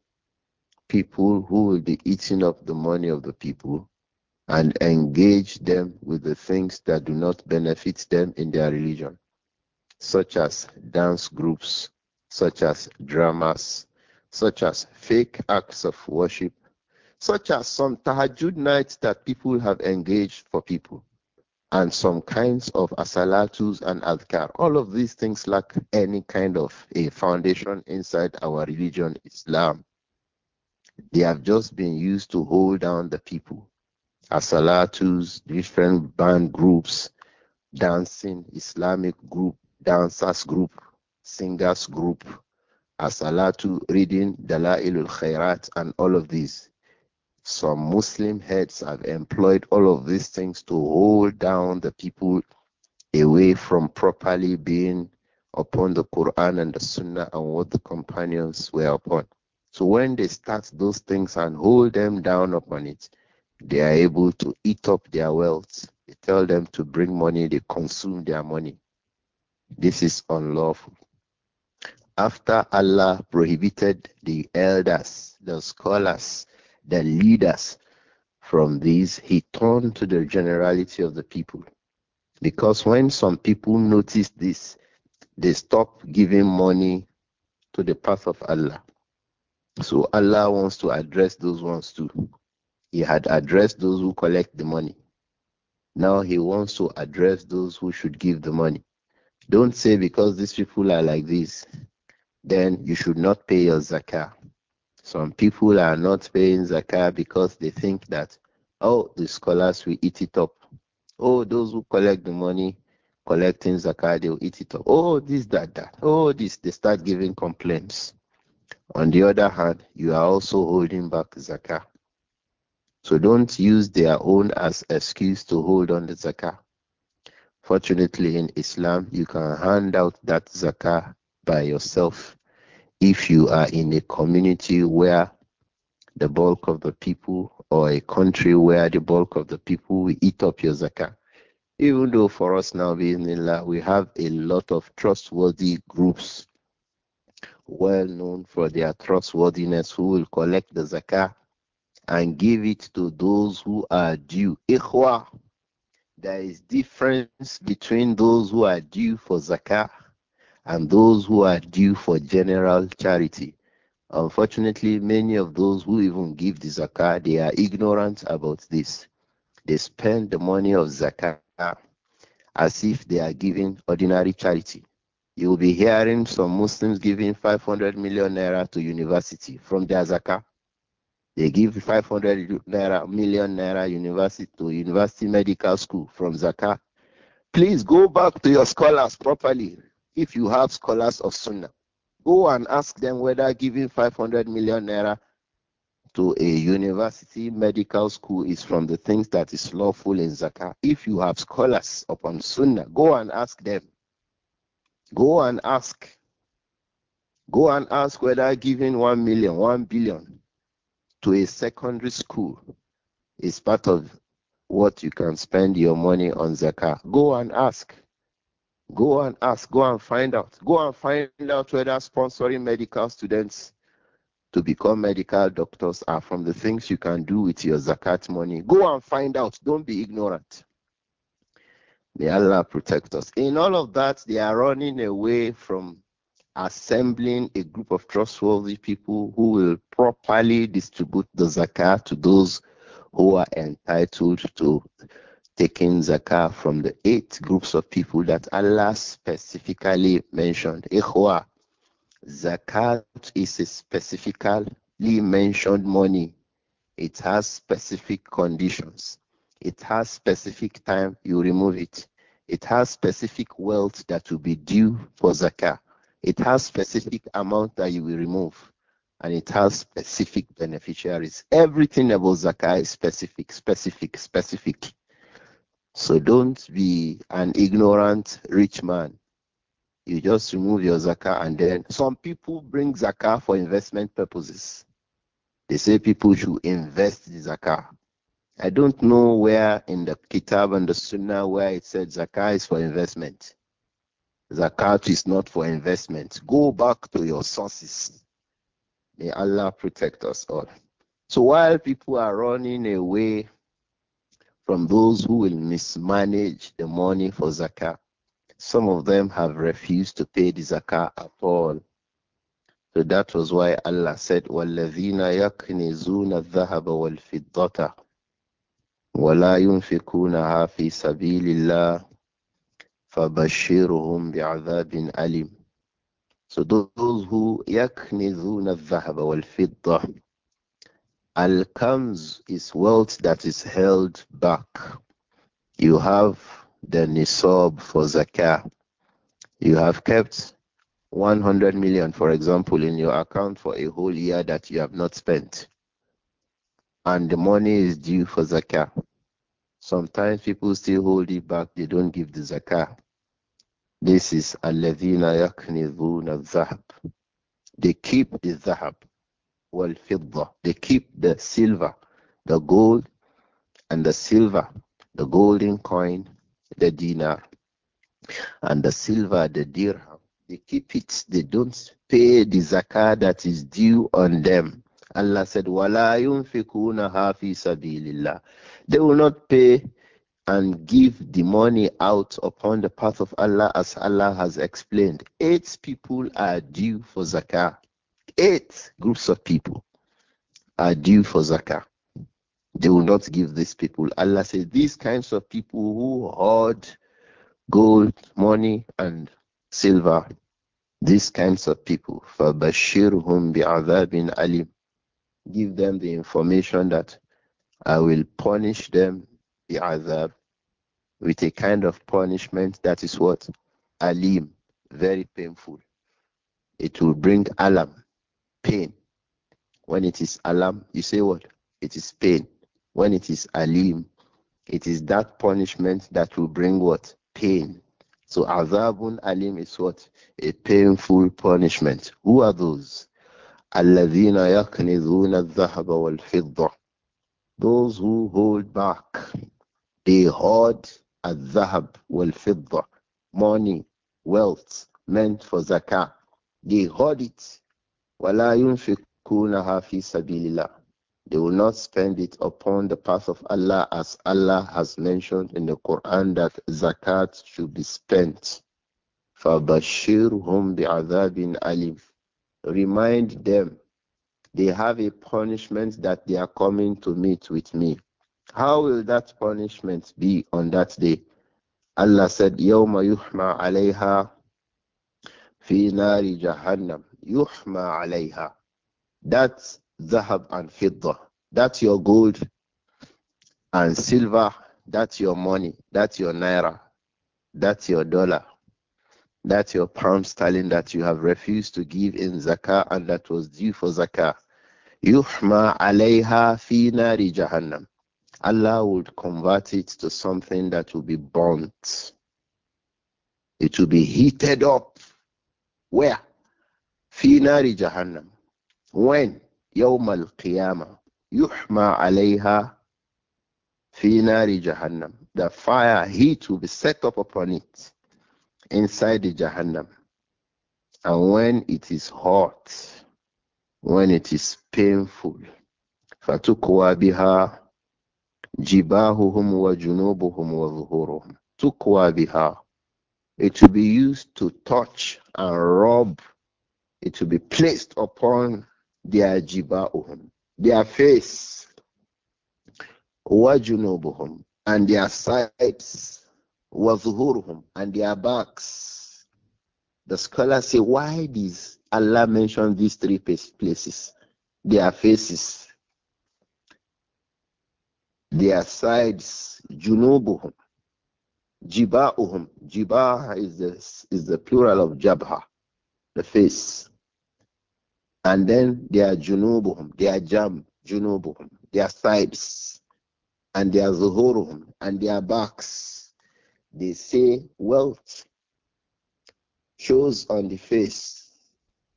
Speaker 1: People who will be eating up the money of the people and engage them with the things that do not benefit them in their religion, such as dance groups, such as dramas, such as fake acts of worship, such as some tahajjud nights that people have engaged for people, and some kinds of asalatus and adhkar. All of these things lack any kind of a foundation inside our religion, Islam. They have just been used to hold down the people asalatus, different band groups, dancing, Islamic group, dancers group, singers group, asalatu, reading, al khairat, and all of these. Some Muslim heads have employed all of these things to hold down the people away from properly being upon the Quran and the Sunnah and what the companions were upon. So when they start those things and hold them down upon it, they are able to eat up their wealth. They tell them to bring money, they consume their money. This is unlawful. After Allah prohibited the elders, the scholars, the leaders from these, He turned to the generality of the people. Because when some people noticed this, they stop giving money to the path of Allah. So Allah wants to address those ones too. He had addressed those who collect the money. Now he wants to address those who should give the money. Don't say because these people are like this, then you should not pay your zakah. Some people are not paying zakah because they think that, oh, the scholars will eat it up. Oh, those who collect the money collecting zakah, they will eat it up. Oh, this, that, that. Oh, this. They start giving complaints. On the other hand, you are also holding back zakah. So don't use their own as excuse to hold on the zakah. Fortunately, in Islam, you can hand out that zakah by yourself if you are in a community where the bulk of the people or a country where the bulk of the people will eat up your zakah. Even though for us now, Bismillah, we have a lot of trustworthy groups well known for their trustworthiness who will collect the zakah and give it to those who are due. Ikhwa, there is difference between those who are due for zakah and those who are due for general charity. Unfortunately, many of those who even give the zakah, they are ignorant about this. They spend the money of zakah as if they are giving ordinary charity. You will be hearing some Muslims giving 500 million naira to university from their zakah. They give 500 naira, million naira university to university medical school from Zakat. Please go back to your scholars properly. If you have scholars of Sunnah, go and ask them whether giving 500 million naira to a university medical school is from the things that is lawful in Zakat. If you have scholars upon Sunnah, go and ask them. Go and ask. Go and ask whether giving 1 million, 1 billion to a secondary school is part of what you can spend your money on zakah. Go and ask. Go and ask. Go and find out. Go and find out whether sponsoring medical students to become medical doctors are from the things you can do with your zakat money. Go and find out. Don't be ignorant. May Allah protect us. In all of that, they are running away from assembling a group of trustworthy people who will properly distribute the zakah to those who are entitled to taking zakah from the eight groups of people that Allah specifically mentioned. Ikhwa, zakat is a specifically mentioned money. It has specific conditions. It has specific time you remove it. It has specific wealth that will be due for zakah it has specific amount that you will remove, and it has specific beneficiaries. Everything about zakah is specific, specific, specific. So don't be an ignorant rich man. You just remove your zakah, and then some people bring zakah for investment purposes. They say people should invest the zakah. I don't know where in the kitab and the sunnah where it said zakah is for investment. Zakat is not for investment. Go back to your sources. May Allah protect us all. So while people are running away from those who will mismanage the money for zakat, some of them have refused to pay the zakat at all. So that was why Allah said, وَالَّذِينَ يَكْنِزُونَ الذَّهَبَ وَالْفِضَّةَ وَلَا يُنْفِقُونَهَا فِي سَبِيلِ اللَّهِ فَبَشِّرْهُمْ بِعَذَابٍ أَلِيمٍ So those who يَكْنِذُونَ الذَّهَبَ وَالْفِضَّةِ Al-Kamz is wealth that is held back. You have the nisab for zakah. You have kept 100 million, for example, in your account for a whole year that you have not spent. And the money is due for zakah. Sometimes people still hold it back, they don't give the zakah. This is alladhina yaknizuna zahab. They keep the zahab, wal fidda. They keep the silver, the gold, and the silver, the golden coin, the dinar, and the silver, the dirham. They keep it. They don't pay the zakah that is due on them. Allah said, "Wala yunfikuna fi sabilillah." They will not pay and give the money out upon the path of Allah as Allah has explained. Eight people are due for zakah. Eight groups of people are due for zakah. They will not give these people. Allah says these kinds of people who hoard gold, money, and silver, these kinds of people, فَبَشِّرْهُمْ بِعَذَابٍ alim. Give them the information that I will punish them the other with a kind of punishment that is what? Alim, very painful. It will bring alam, pain. When it is alam, you say what? It is pain. When it is alim, it is that punishment that will bring what? Pain. So azabun alim is what? A painful punishment. Who are those? الذين يكنزون الذهب والفضة those who hold back, they hoard al zahab wal-fidda, money, wealth meant for zakah. They hoard it. وَلَا يُنْفِقُونَهَا فِي سَبِيلِ They will not spend it upon the path of Allah as Allah has mentioned in the Quran that zakat should be spent. فَبَشِّرْهُمْ بِعَذَابٍ alim. Remind them they have a punishment that they are coming to meet with me. How will that punishment be on that day? Allah said, يَوْمَ يُحْمَى عَلَيْهَا فِي نَارِ That's zahab and fidda. That's your gold and silver. That's your money. That's your naira. That's your dollar. That your palm sterling that you have refused to give in zakah and that was due for zakah. Yuhma alayha fi nari jahannam. Allah would convert it to something that will be burnt. It will be heated up. Where? Fi nari jahannam. When? Yawm al-qiyamah. Yuhma alayha fi nari jahannam. The fire heat will be set up upon it inside the Jahannam. And when it is hot, when it is painful, فَتُكْوَى بِهَا جِبَاهُهُمْ وَجُنُوبُهُمْ وَظُهُورُهُمْ تُكْوَى بِهَا It will be used to touch and rub. It will be placed upon their hum, their face, وَجُنُوبُهُمْ and their sides وَظُهُورُهُمْ and their backs. The scholars say, why does Allah mention these three places? Their faces, their sides, junubuhum, jiba'uhum. Jibah is the, is the plural of jabha, the face. And then their junubuhum, their jam, junubuhum, their sides, and their zuhuruhum, and their backs. They say wealth shows on the face.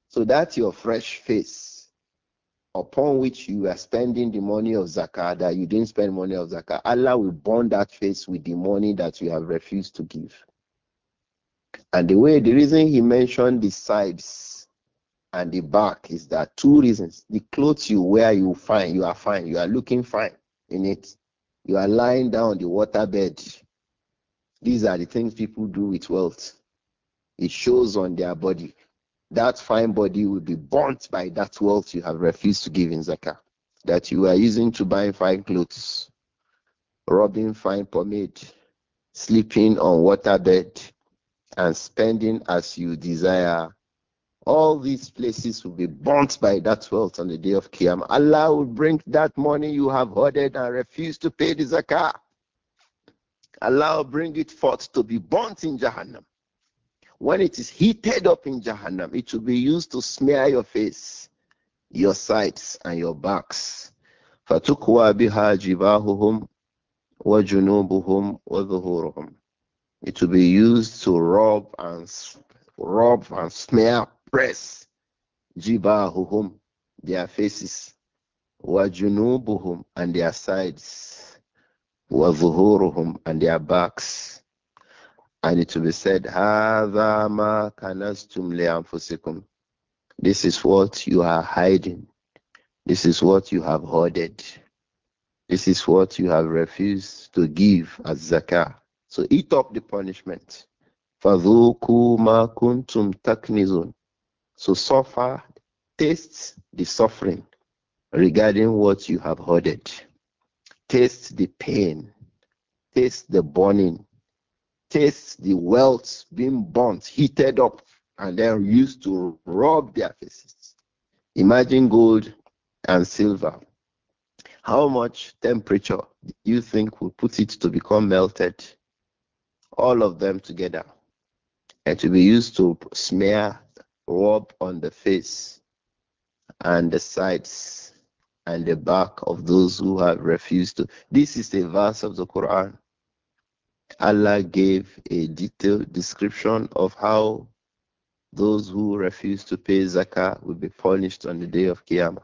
Speaker 1: So that's your fresh face upon which you are spending the money of zakah that you didn't spend money of zakah. Allah will burn that face with the money that you have refused to give. And the way the reason he mentioned the sides and the back is that two reasons. The clothes you wear, you find you are fine, you are looking fine in it. You are lying down on the waterbed these are the things people do with wealth. It shows on their body. That fine body will be burnt by that wealth you have refused to give in Zakah, that you are using to buy fine clothes, rubbing fine pomade, sleeping on waterbed, and spending as you desire. All these places will be burnt by that wealth on the day of Qiyam. Allah will bring that money you have hoarded and refused to pay the zakah. Allah bring it forth to be burnt in Jahannam. When it is heated up in Jahannam, it will be used to smear your face, your sides, and your backs. It will be used to rub and rub and smear, press جِبَاهُهُمْ their faces, and their sides وظهورهم and their backs and it will be said هذا ما كنزتم لأنفسكم this is what you are hiding this is what you have hoarded this is what you have refused to give as zakah so eat up the punishment فذوقوا ما كنتم تكنزون so suffer taste the suffering regarding what you have hoarded Taste the pain, taste the burning, taste the welts being burnt, heated up, and then used to rub their faces. Imagine gold and silver. How much temperature do you think will put it to become melted? All of them together. And to be used to smear, rub on the face and the sides and the back of those who have refused to. This is a verse of the Quran. Allah gave a detailed description of how those who refuse to pay zakah will be punished on the day of Qiyamah.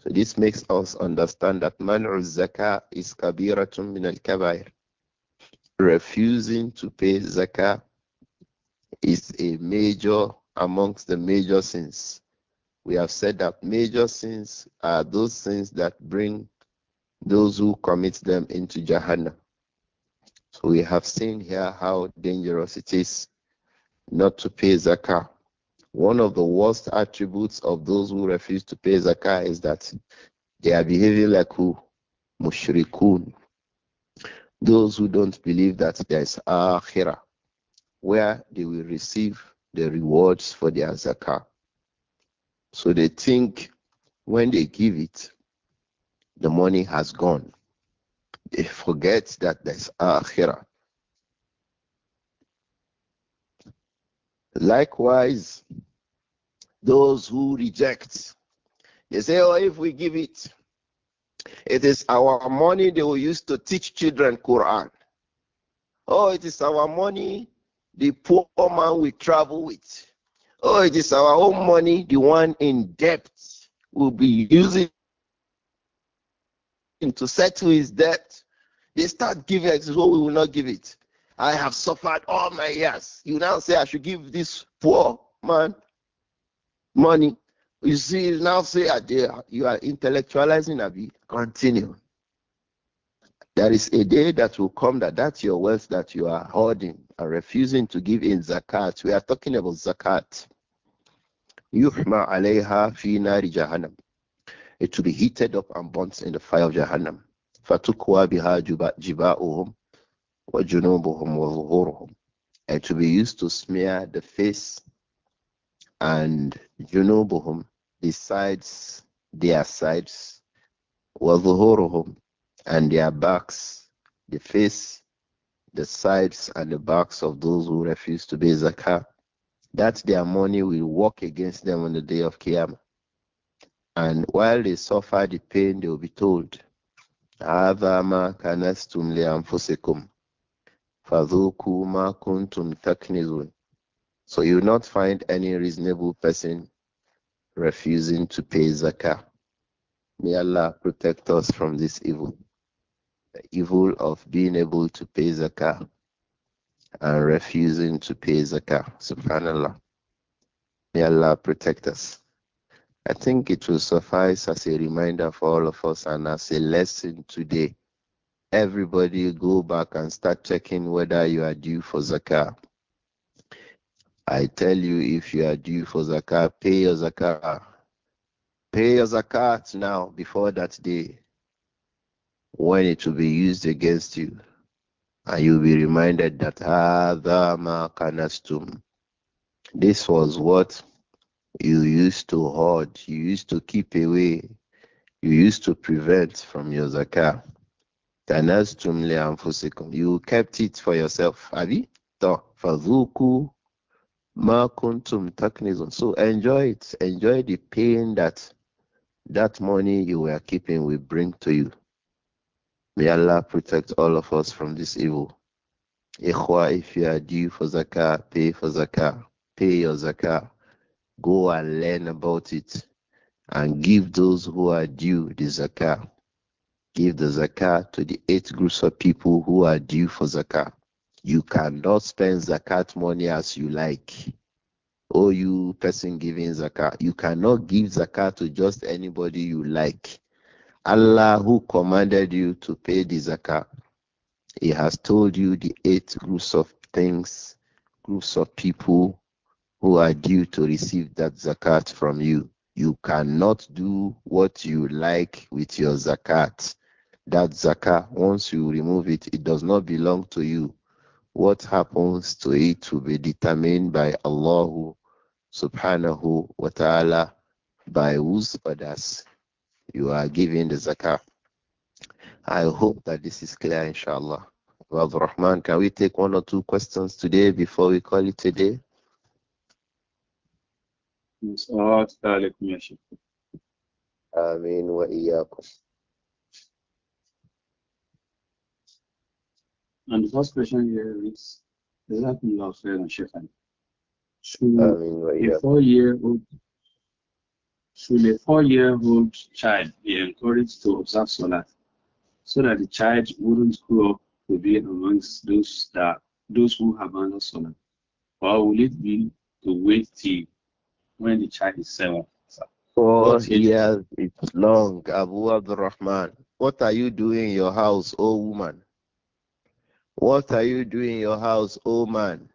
Speaker 1: So this makes us understand that man'u zakah is kabiratun min al-kabair. Refusing to pay zakah is a major amongst the major sins we have said that major sins are those sins that bring those who commit them into Jahannam. So we have seen here how dangerous it is not to pay zakah. One of the worst attributes of those who refuse to pay zakah is that they are behaving like who? Mushrikun. Those who don't believe that there is akhirah, where they will receive the rewards for their zakah. So they think when they give it, the money has gone. They forget that there's akhirah. Likewise, those who reject, they say, oh, if we give it, it is our money they will use to teach children Quran. Oh, it is our money the poor man we travel with. Oh, it is our own money, the one in debt will be using to settle his debt. They start giving it, oh, we will not give it. I have suffered all my years. You now say I should give this poor man money. You see, now say ah, you are intellectualizing Abi. Continue. There is a day that will come that that's your wealth that you are hoarding and refusing to give in zakat. We are talking about zakat. Yuhma alayha fi nari jahannam. It to be heated up and burnt in the fire of Jahannam. Fatukwa biha jiba'uhum wa junubuhum wa zuhuruhum. It to be used to smear the face and junubuhum, the sides, their sides, wa zuhuruhum, and their backs, the face, the sides, and the backs of those who refuse to be zakah that their money will work against them on the day of Qiyamah. And while they suffer the pain, they will be told, Avama kanastum liamfusikum. Fadhuku ma kuntum So you will not find any reasonable person refusing to pay zakah. May Allah protect us from this evil, the evil of being able to pay zakah and refusing to pay zakah. Subhanallah. May Allah protect us. I think it will suffice as a reminder for all of us and as a lesson today. Everybody go back and start checking whether you are due for zakah. I tell you, if you are due for zakah, pay your zakah. Pay your zakat now before that day when it will be used against you. And you'll be reminded that kanastum. This was what you used to hoard, you used to keep away, you used to prevent from your zakah. Kanastum li'anfusikum. You kept it for yourself. Abi? Fazuku ma kuntum taknizun. So enjoy it. Enjoy the pain that that money you were keeping will bring to you. May Allah protect all of us from this evil. Ikhwa, if you are due for zakah, pay for zakah. Pay your zakah. Go and learn about it. And give those who are due the zakah. Give the zakah to the eight groups of people who are due for zakah. You cannot spend zakat money as you like. Oh, you person giving zakat, you cannot give zakat to just anybody you like. Allah who commanded you to pay the zakah, He has told you the eight groups of things, groups of people who are due to receive that zakat from you. You cannot do what you like with your zakat. That zakah, once you remove it, it does not belong to you. What happens to it will be determined by Allah subhanahu wa ta'ala by whose orders you are giving the zakah. I hope that this is clear, inshallah. Abdul Rahman, can we take one or two questions today before we call it today? آمين وإياكم. And the first question here is, Is that خيرا شيخنا. Should a Before year old should a four-year-old child be encouraged to observe Salah so that the child wouldn't grow up to be amongst those that those who abandon Salah? Or will it be to wait till when the child is seven? Four years is long, Abu Abdurrahman. What are you doing in your house, O oh woman? What are you doing in your house, O oh man?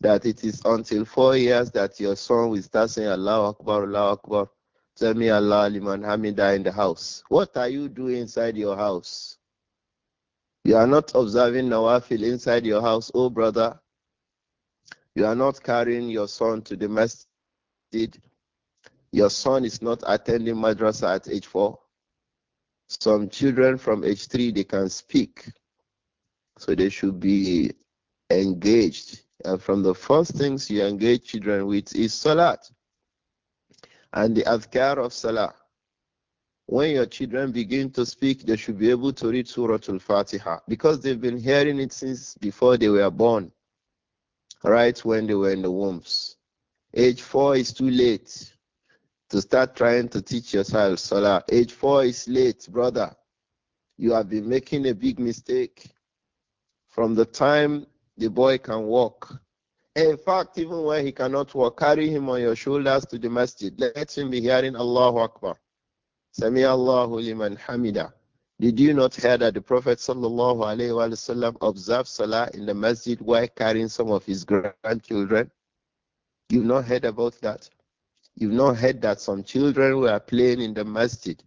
Speaker 1: that it is until four years that your son will start saying Allah Akbar, Allah Akbar. Tell me Allah Liman Hamida in the house. What are you doing inside your house? You are not observing Nawafil inside your house, oh brother. You are not carrying your son to the masjid. Your son is not attending madrasa at age four. Some children from age three they can speak, so they should be engaged uh, from the first things you engage children with is salat and the adhkar of salah. When your children begin to speak, they should be able to read Surah Al-Fatiha because they've been hearing it since before they were born, right when they were in the wombs. Age four is too late to start trying to teach your child Salah. Age four is late, brother. You have been making a big mistake. From the time the boy can walk. In fact, even when he cannot walk, carry him on your shoulders to the masjid. Let him be hearing Allahu Akbar. Sami Allahu liman hamida. Did you not hear that the Prophet sallallahu alaihi wasallam observed salah in the masjid while carrying some of his grandchildren? You've not heard about that. You've not heard that some children were playing in the masjid,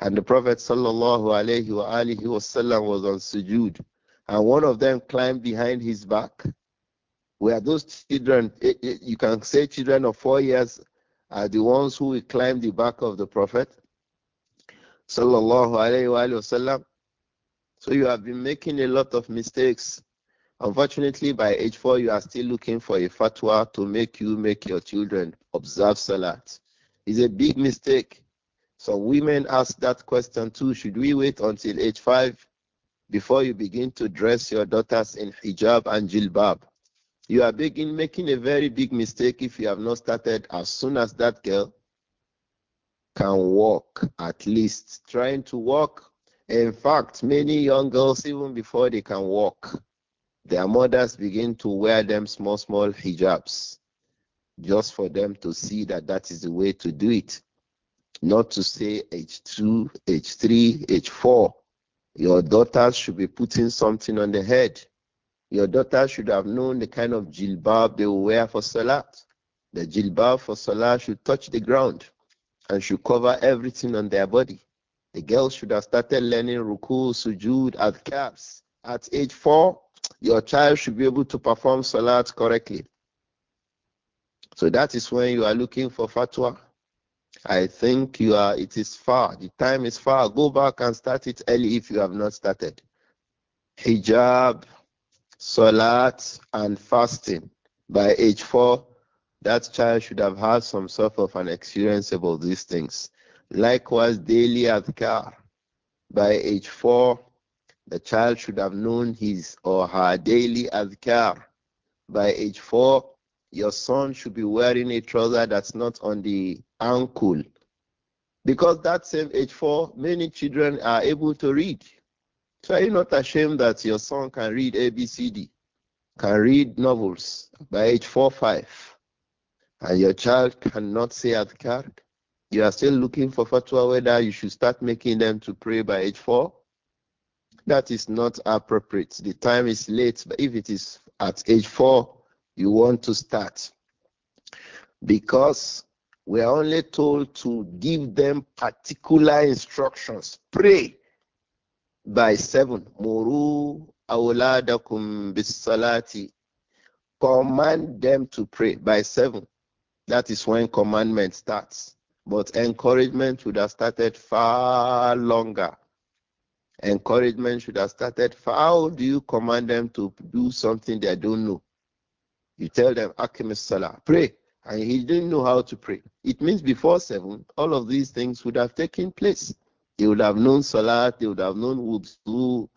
Speaker 1: and the Prophet sallallahu alaihi wasallam was on sujood and one of them climbed behind his back. Where those children, you can say children of four years are the ones who will climb the back of the Prophet. So you have been making a lot of mistakes. Unfortunately, by age four, you are still looking for a fatwa to make you make your children observe Salat. It's a big mistake. So women ask that question too. Should we wait until age five before you begin to dress your daughters in hijab and jilbab. You are begin, making a very big mistake if you have not started as soon as that girl can walk, at least trying to walk. In fact, many young girls, even before they can walk, their mothers begin to wear them small, small hijabs just for them to see that that is the way to do it. Not to say H2, H3, H4 your daughters should be putting something on the head. Your daughters should have known the kind of jilbab they will wear for salat. The jilbab for salat should touch the ground and should cover everything on their body. The girls should have started learning ruku, sujud, at caps. At age four, your child should be able to perform salat correctly. So that is when you are looking for fatwa I think you are. It is far. The time is far. Go back and start it early if you have not started. Hijab, salat, and fasting. By age four, that child should have had some sort of an experience about these things. Likewise, daily adhkar. By age four, the child should have known his or her daily adhkar. By age four, your son should be wearing a trouser that's not on the Uncle, Because that same age four, many children are able to read. So are you not ashamed that your son can read ABCD, can read novels by age four, five, and your child cannot say adhkar? You are still looking for fatwa whether you should start making them to pray by age four? That is not appropriate. The time is late, but if it is at age four, you want to start. Because we are only told to give them particular instructions. Pray by seven. Muru awladakum bisalati. Command them to pray by seven. That is when commandment starts. But encouragement should have started far longer. Encouragement should have started. How do you command them to do something they don't know? You tell them, akim Salah, pray and he didn't know how to pray. It means before seven, all of these things would have taken place. They would have known salat, they would have known wudu,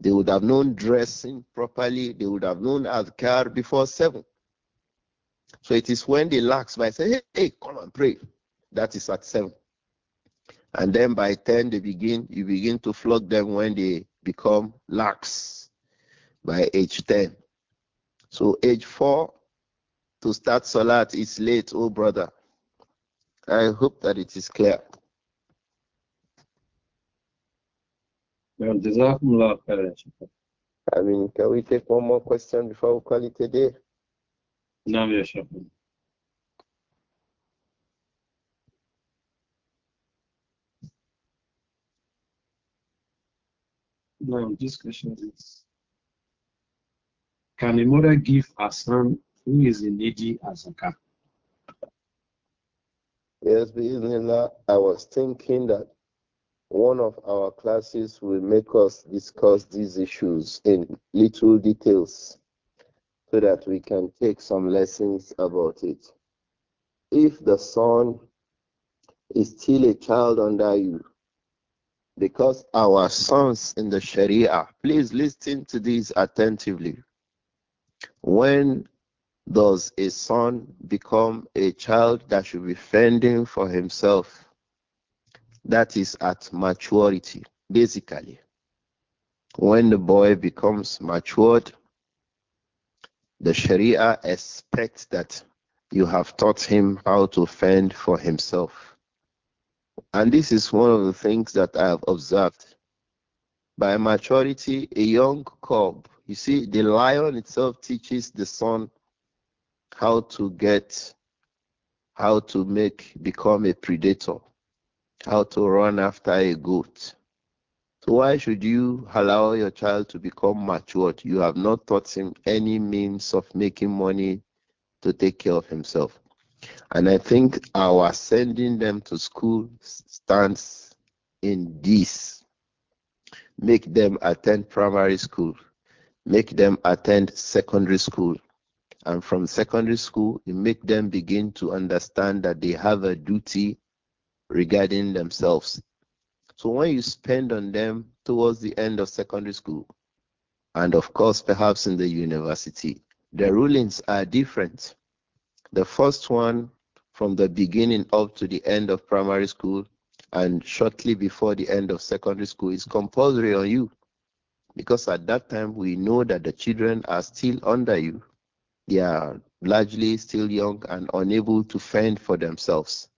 Speaker 1: they would have known dressing properly, they would have known adhkar before seven. So it is when they lax by saying, hey, hey, come and pray. That is at seven. And then by ten they begin you begin to flog them when they become lax by age ten. So age four to start salat it's late, oh brother. I hope that it is clear. I mean, can we take one more question before we call it a day? No, يا شيخ Now, this question is Can a mother give her son who is the needy Asuka? Yes, Bismillah, I was thinking that one of our classes will make us discuss these issues in little details so that we can take some lessons about it. If the son is still a child under you, because our sons in the Sharia, please listen to these attentively. When does a son become a child that should be fending for himself? That is at maturity, basically. When the boy becomes matured, the Sharia expects that you have taught him how to fend for himself. And this is one of the things that I have observed. By maturity, a young cub, you see, the lion itself teaches the son how to get, how to make, become a predator, how to run after a goat. So why should you allow your child to become matured? You have not taught him any means of making money to take care of himself. And I think our sending them to school stands in this. Make them attend primary school. Make them attend secondary school and from secondary school, you make them begin to understand that they have a duty regarding themselves. So when you spend on them towards the end of secondary school, and of course, perhaps in the university, the rulings are different. The first one from the beginning up to the end of primary school and shortly before the end of secondary school is compulsory on you because at that time we know that the children are still under you they are largely still young and unable to fend for themselves.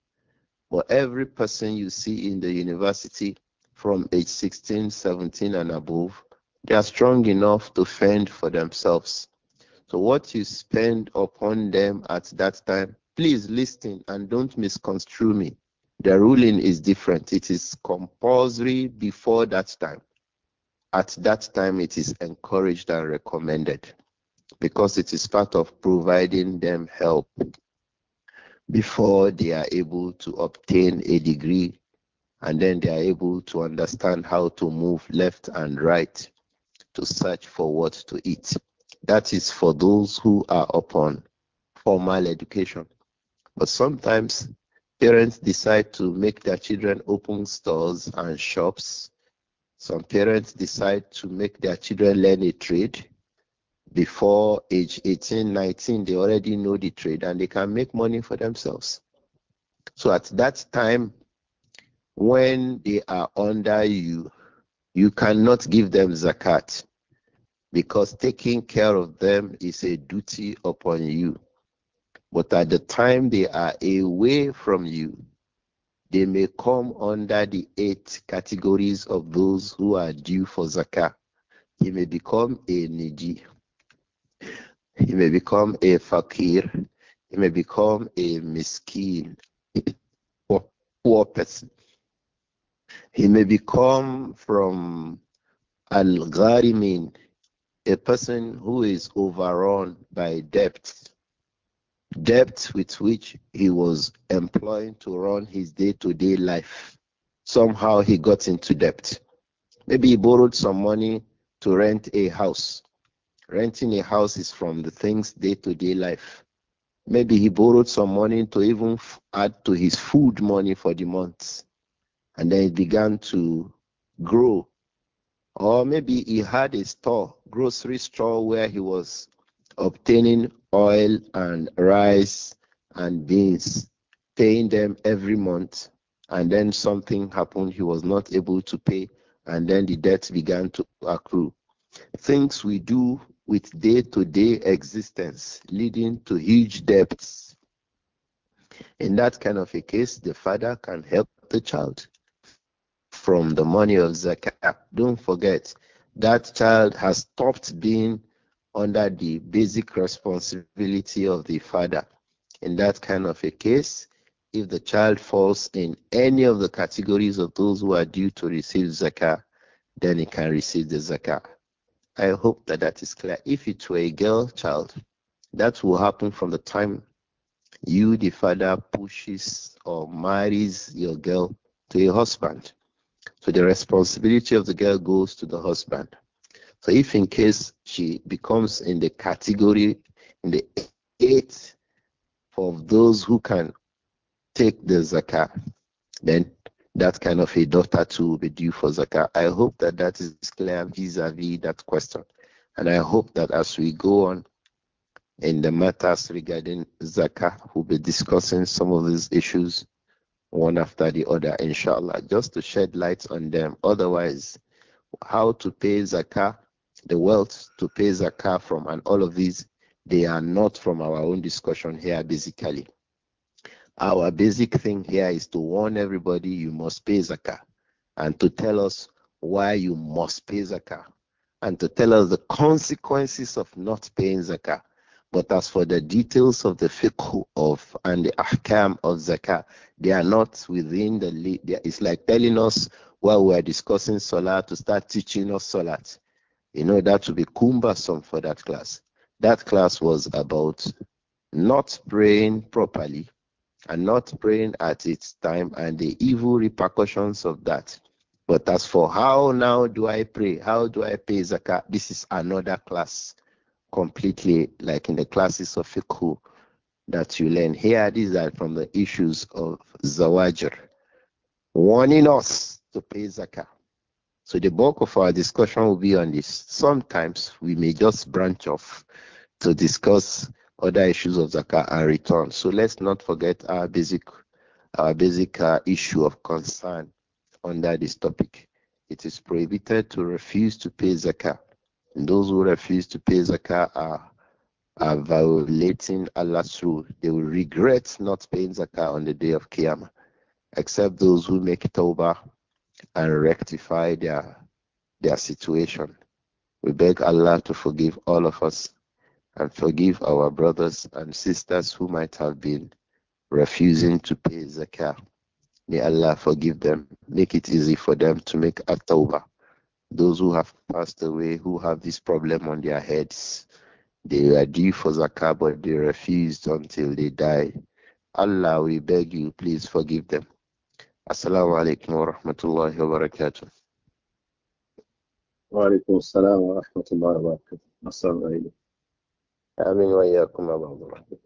Speaker 1: But every person you see in the university from age 16, 17, and above, they are strong enough to fend for themselves. So, what you spend upon them at that time, please listen and don't misconstrue me. The ruling is different. It is compulsory before that time. At that time, it is encouraged and recommended because it is part of providing them help before they are able to obtain a degree and then they are able to understand how to move left and right to search for what to eat. That is for those who are upon formal education. But sometimes parents decide to make their children open stores and shops. Some parents decide to make their children learn a trade before age 18, 19, they already know the trade and they can make money for themselves. So at that time, when they are under you, you cannot give them zakat because taking care of them is a duty upon you. But at the time they are away from you, they may come under the eight categories of those who are due for zakat. He may become a niji he may become a fakir. He may become a miskin, poor, poor person. He may become from al-gharimin, a person who is overrun by debt, debt with which he was employing to run his day to day life. Somehow he got into debt. Maybe he borrowed some money to rent a house. Renting a house is from the things day to day life. Maybe he borrowed some money to even add to his food money for the month. And then it began to grow. Or maybe he had a store, grocery store, where he was obtaining oil and rice and beans, paying them every month. And then something happened, he was not able to pay, and then the debt began to accrue. Things we do with day to day existence, leading to huge debts. In that kind of a case, the father can help the child from the money of zakat. Don't forget, that child has stopped being under the basic responsibility of the father. In that kind of a case, if the child falls in any of the categories of those who are due to receive zakah, then he can receive the zakah. I hope that that is clear. If it were a girl child, that will happen from the time you, the father, pushes or marries your girl to your husband. So the responsibility of the girl goes to the husband. So if in case she becomes in the category, in the eight of those who can take the zakah, then that kind of a daughter to be due for zakah. I hope that that is clear vis-a-vis -vis that question, and I hope that as we go on in the matters regarding zakah, we'll be discussing some of these issues one after the other, inshallah, just to shed light on them. Otherwise, how to pay zakah, the wealth to pay zakah from, and all of these, they are not from our own discussion here, basically. Our basic thing here is to warn everybody you must pay zakah and to tell us why you must pay zakah and to tell us the consequences of not paying zakah. But as for the details of the fiqh of and the ahkam of zakah, they are not within the. It's like telling us while we are discussing salah to start teaching us salah. You know that would be cumbersome for that class. That class was about not praying properly and not praying at its time and the evil repercussions of that. But as for how now do I pray, how do I pay zakat, this is another class completely like in the classes of fiqh that you learn. Here, these are from the issues of zawajr, warning us to pay zakat. So the bulk of our discussion will be on this. Sometimes we may just branch off to discuss other issues of zakah and return. So let's not forget our basic our basic uh, issue of concern under this topic. It is prohibited to refuse to pay zakah. And those who refuse to pay zakah are, are violating Allah's rule. They will regret not paying zakah on the day of Qiyamah, except those who make tawbah and rectify their their situation. We beg Allah to forgive all of us and forgive our brothers and sisters who might have been refusing to pay zakah. May Allah forgive them. Make it easy for them to make at-tawbah. Those who have passed away, who have this problem on their heads, they are due for zakah, but they refused until they died. Allah, we beg you, please forgive them. Assalamu alaikum wa rahmatullahi wa barakatuh. Wa alaikum wa rahmatullahi wa barakatuh. Assalamu alaikum. آمين وإياكم يا بعض الرحمن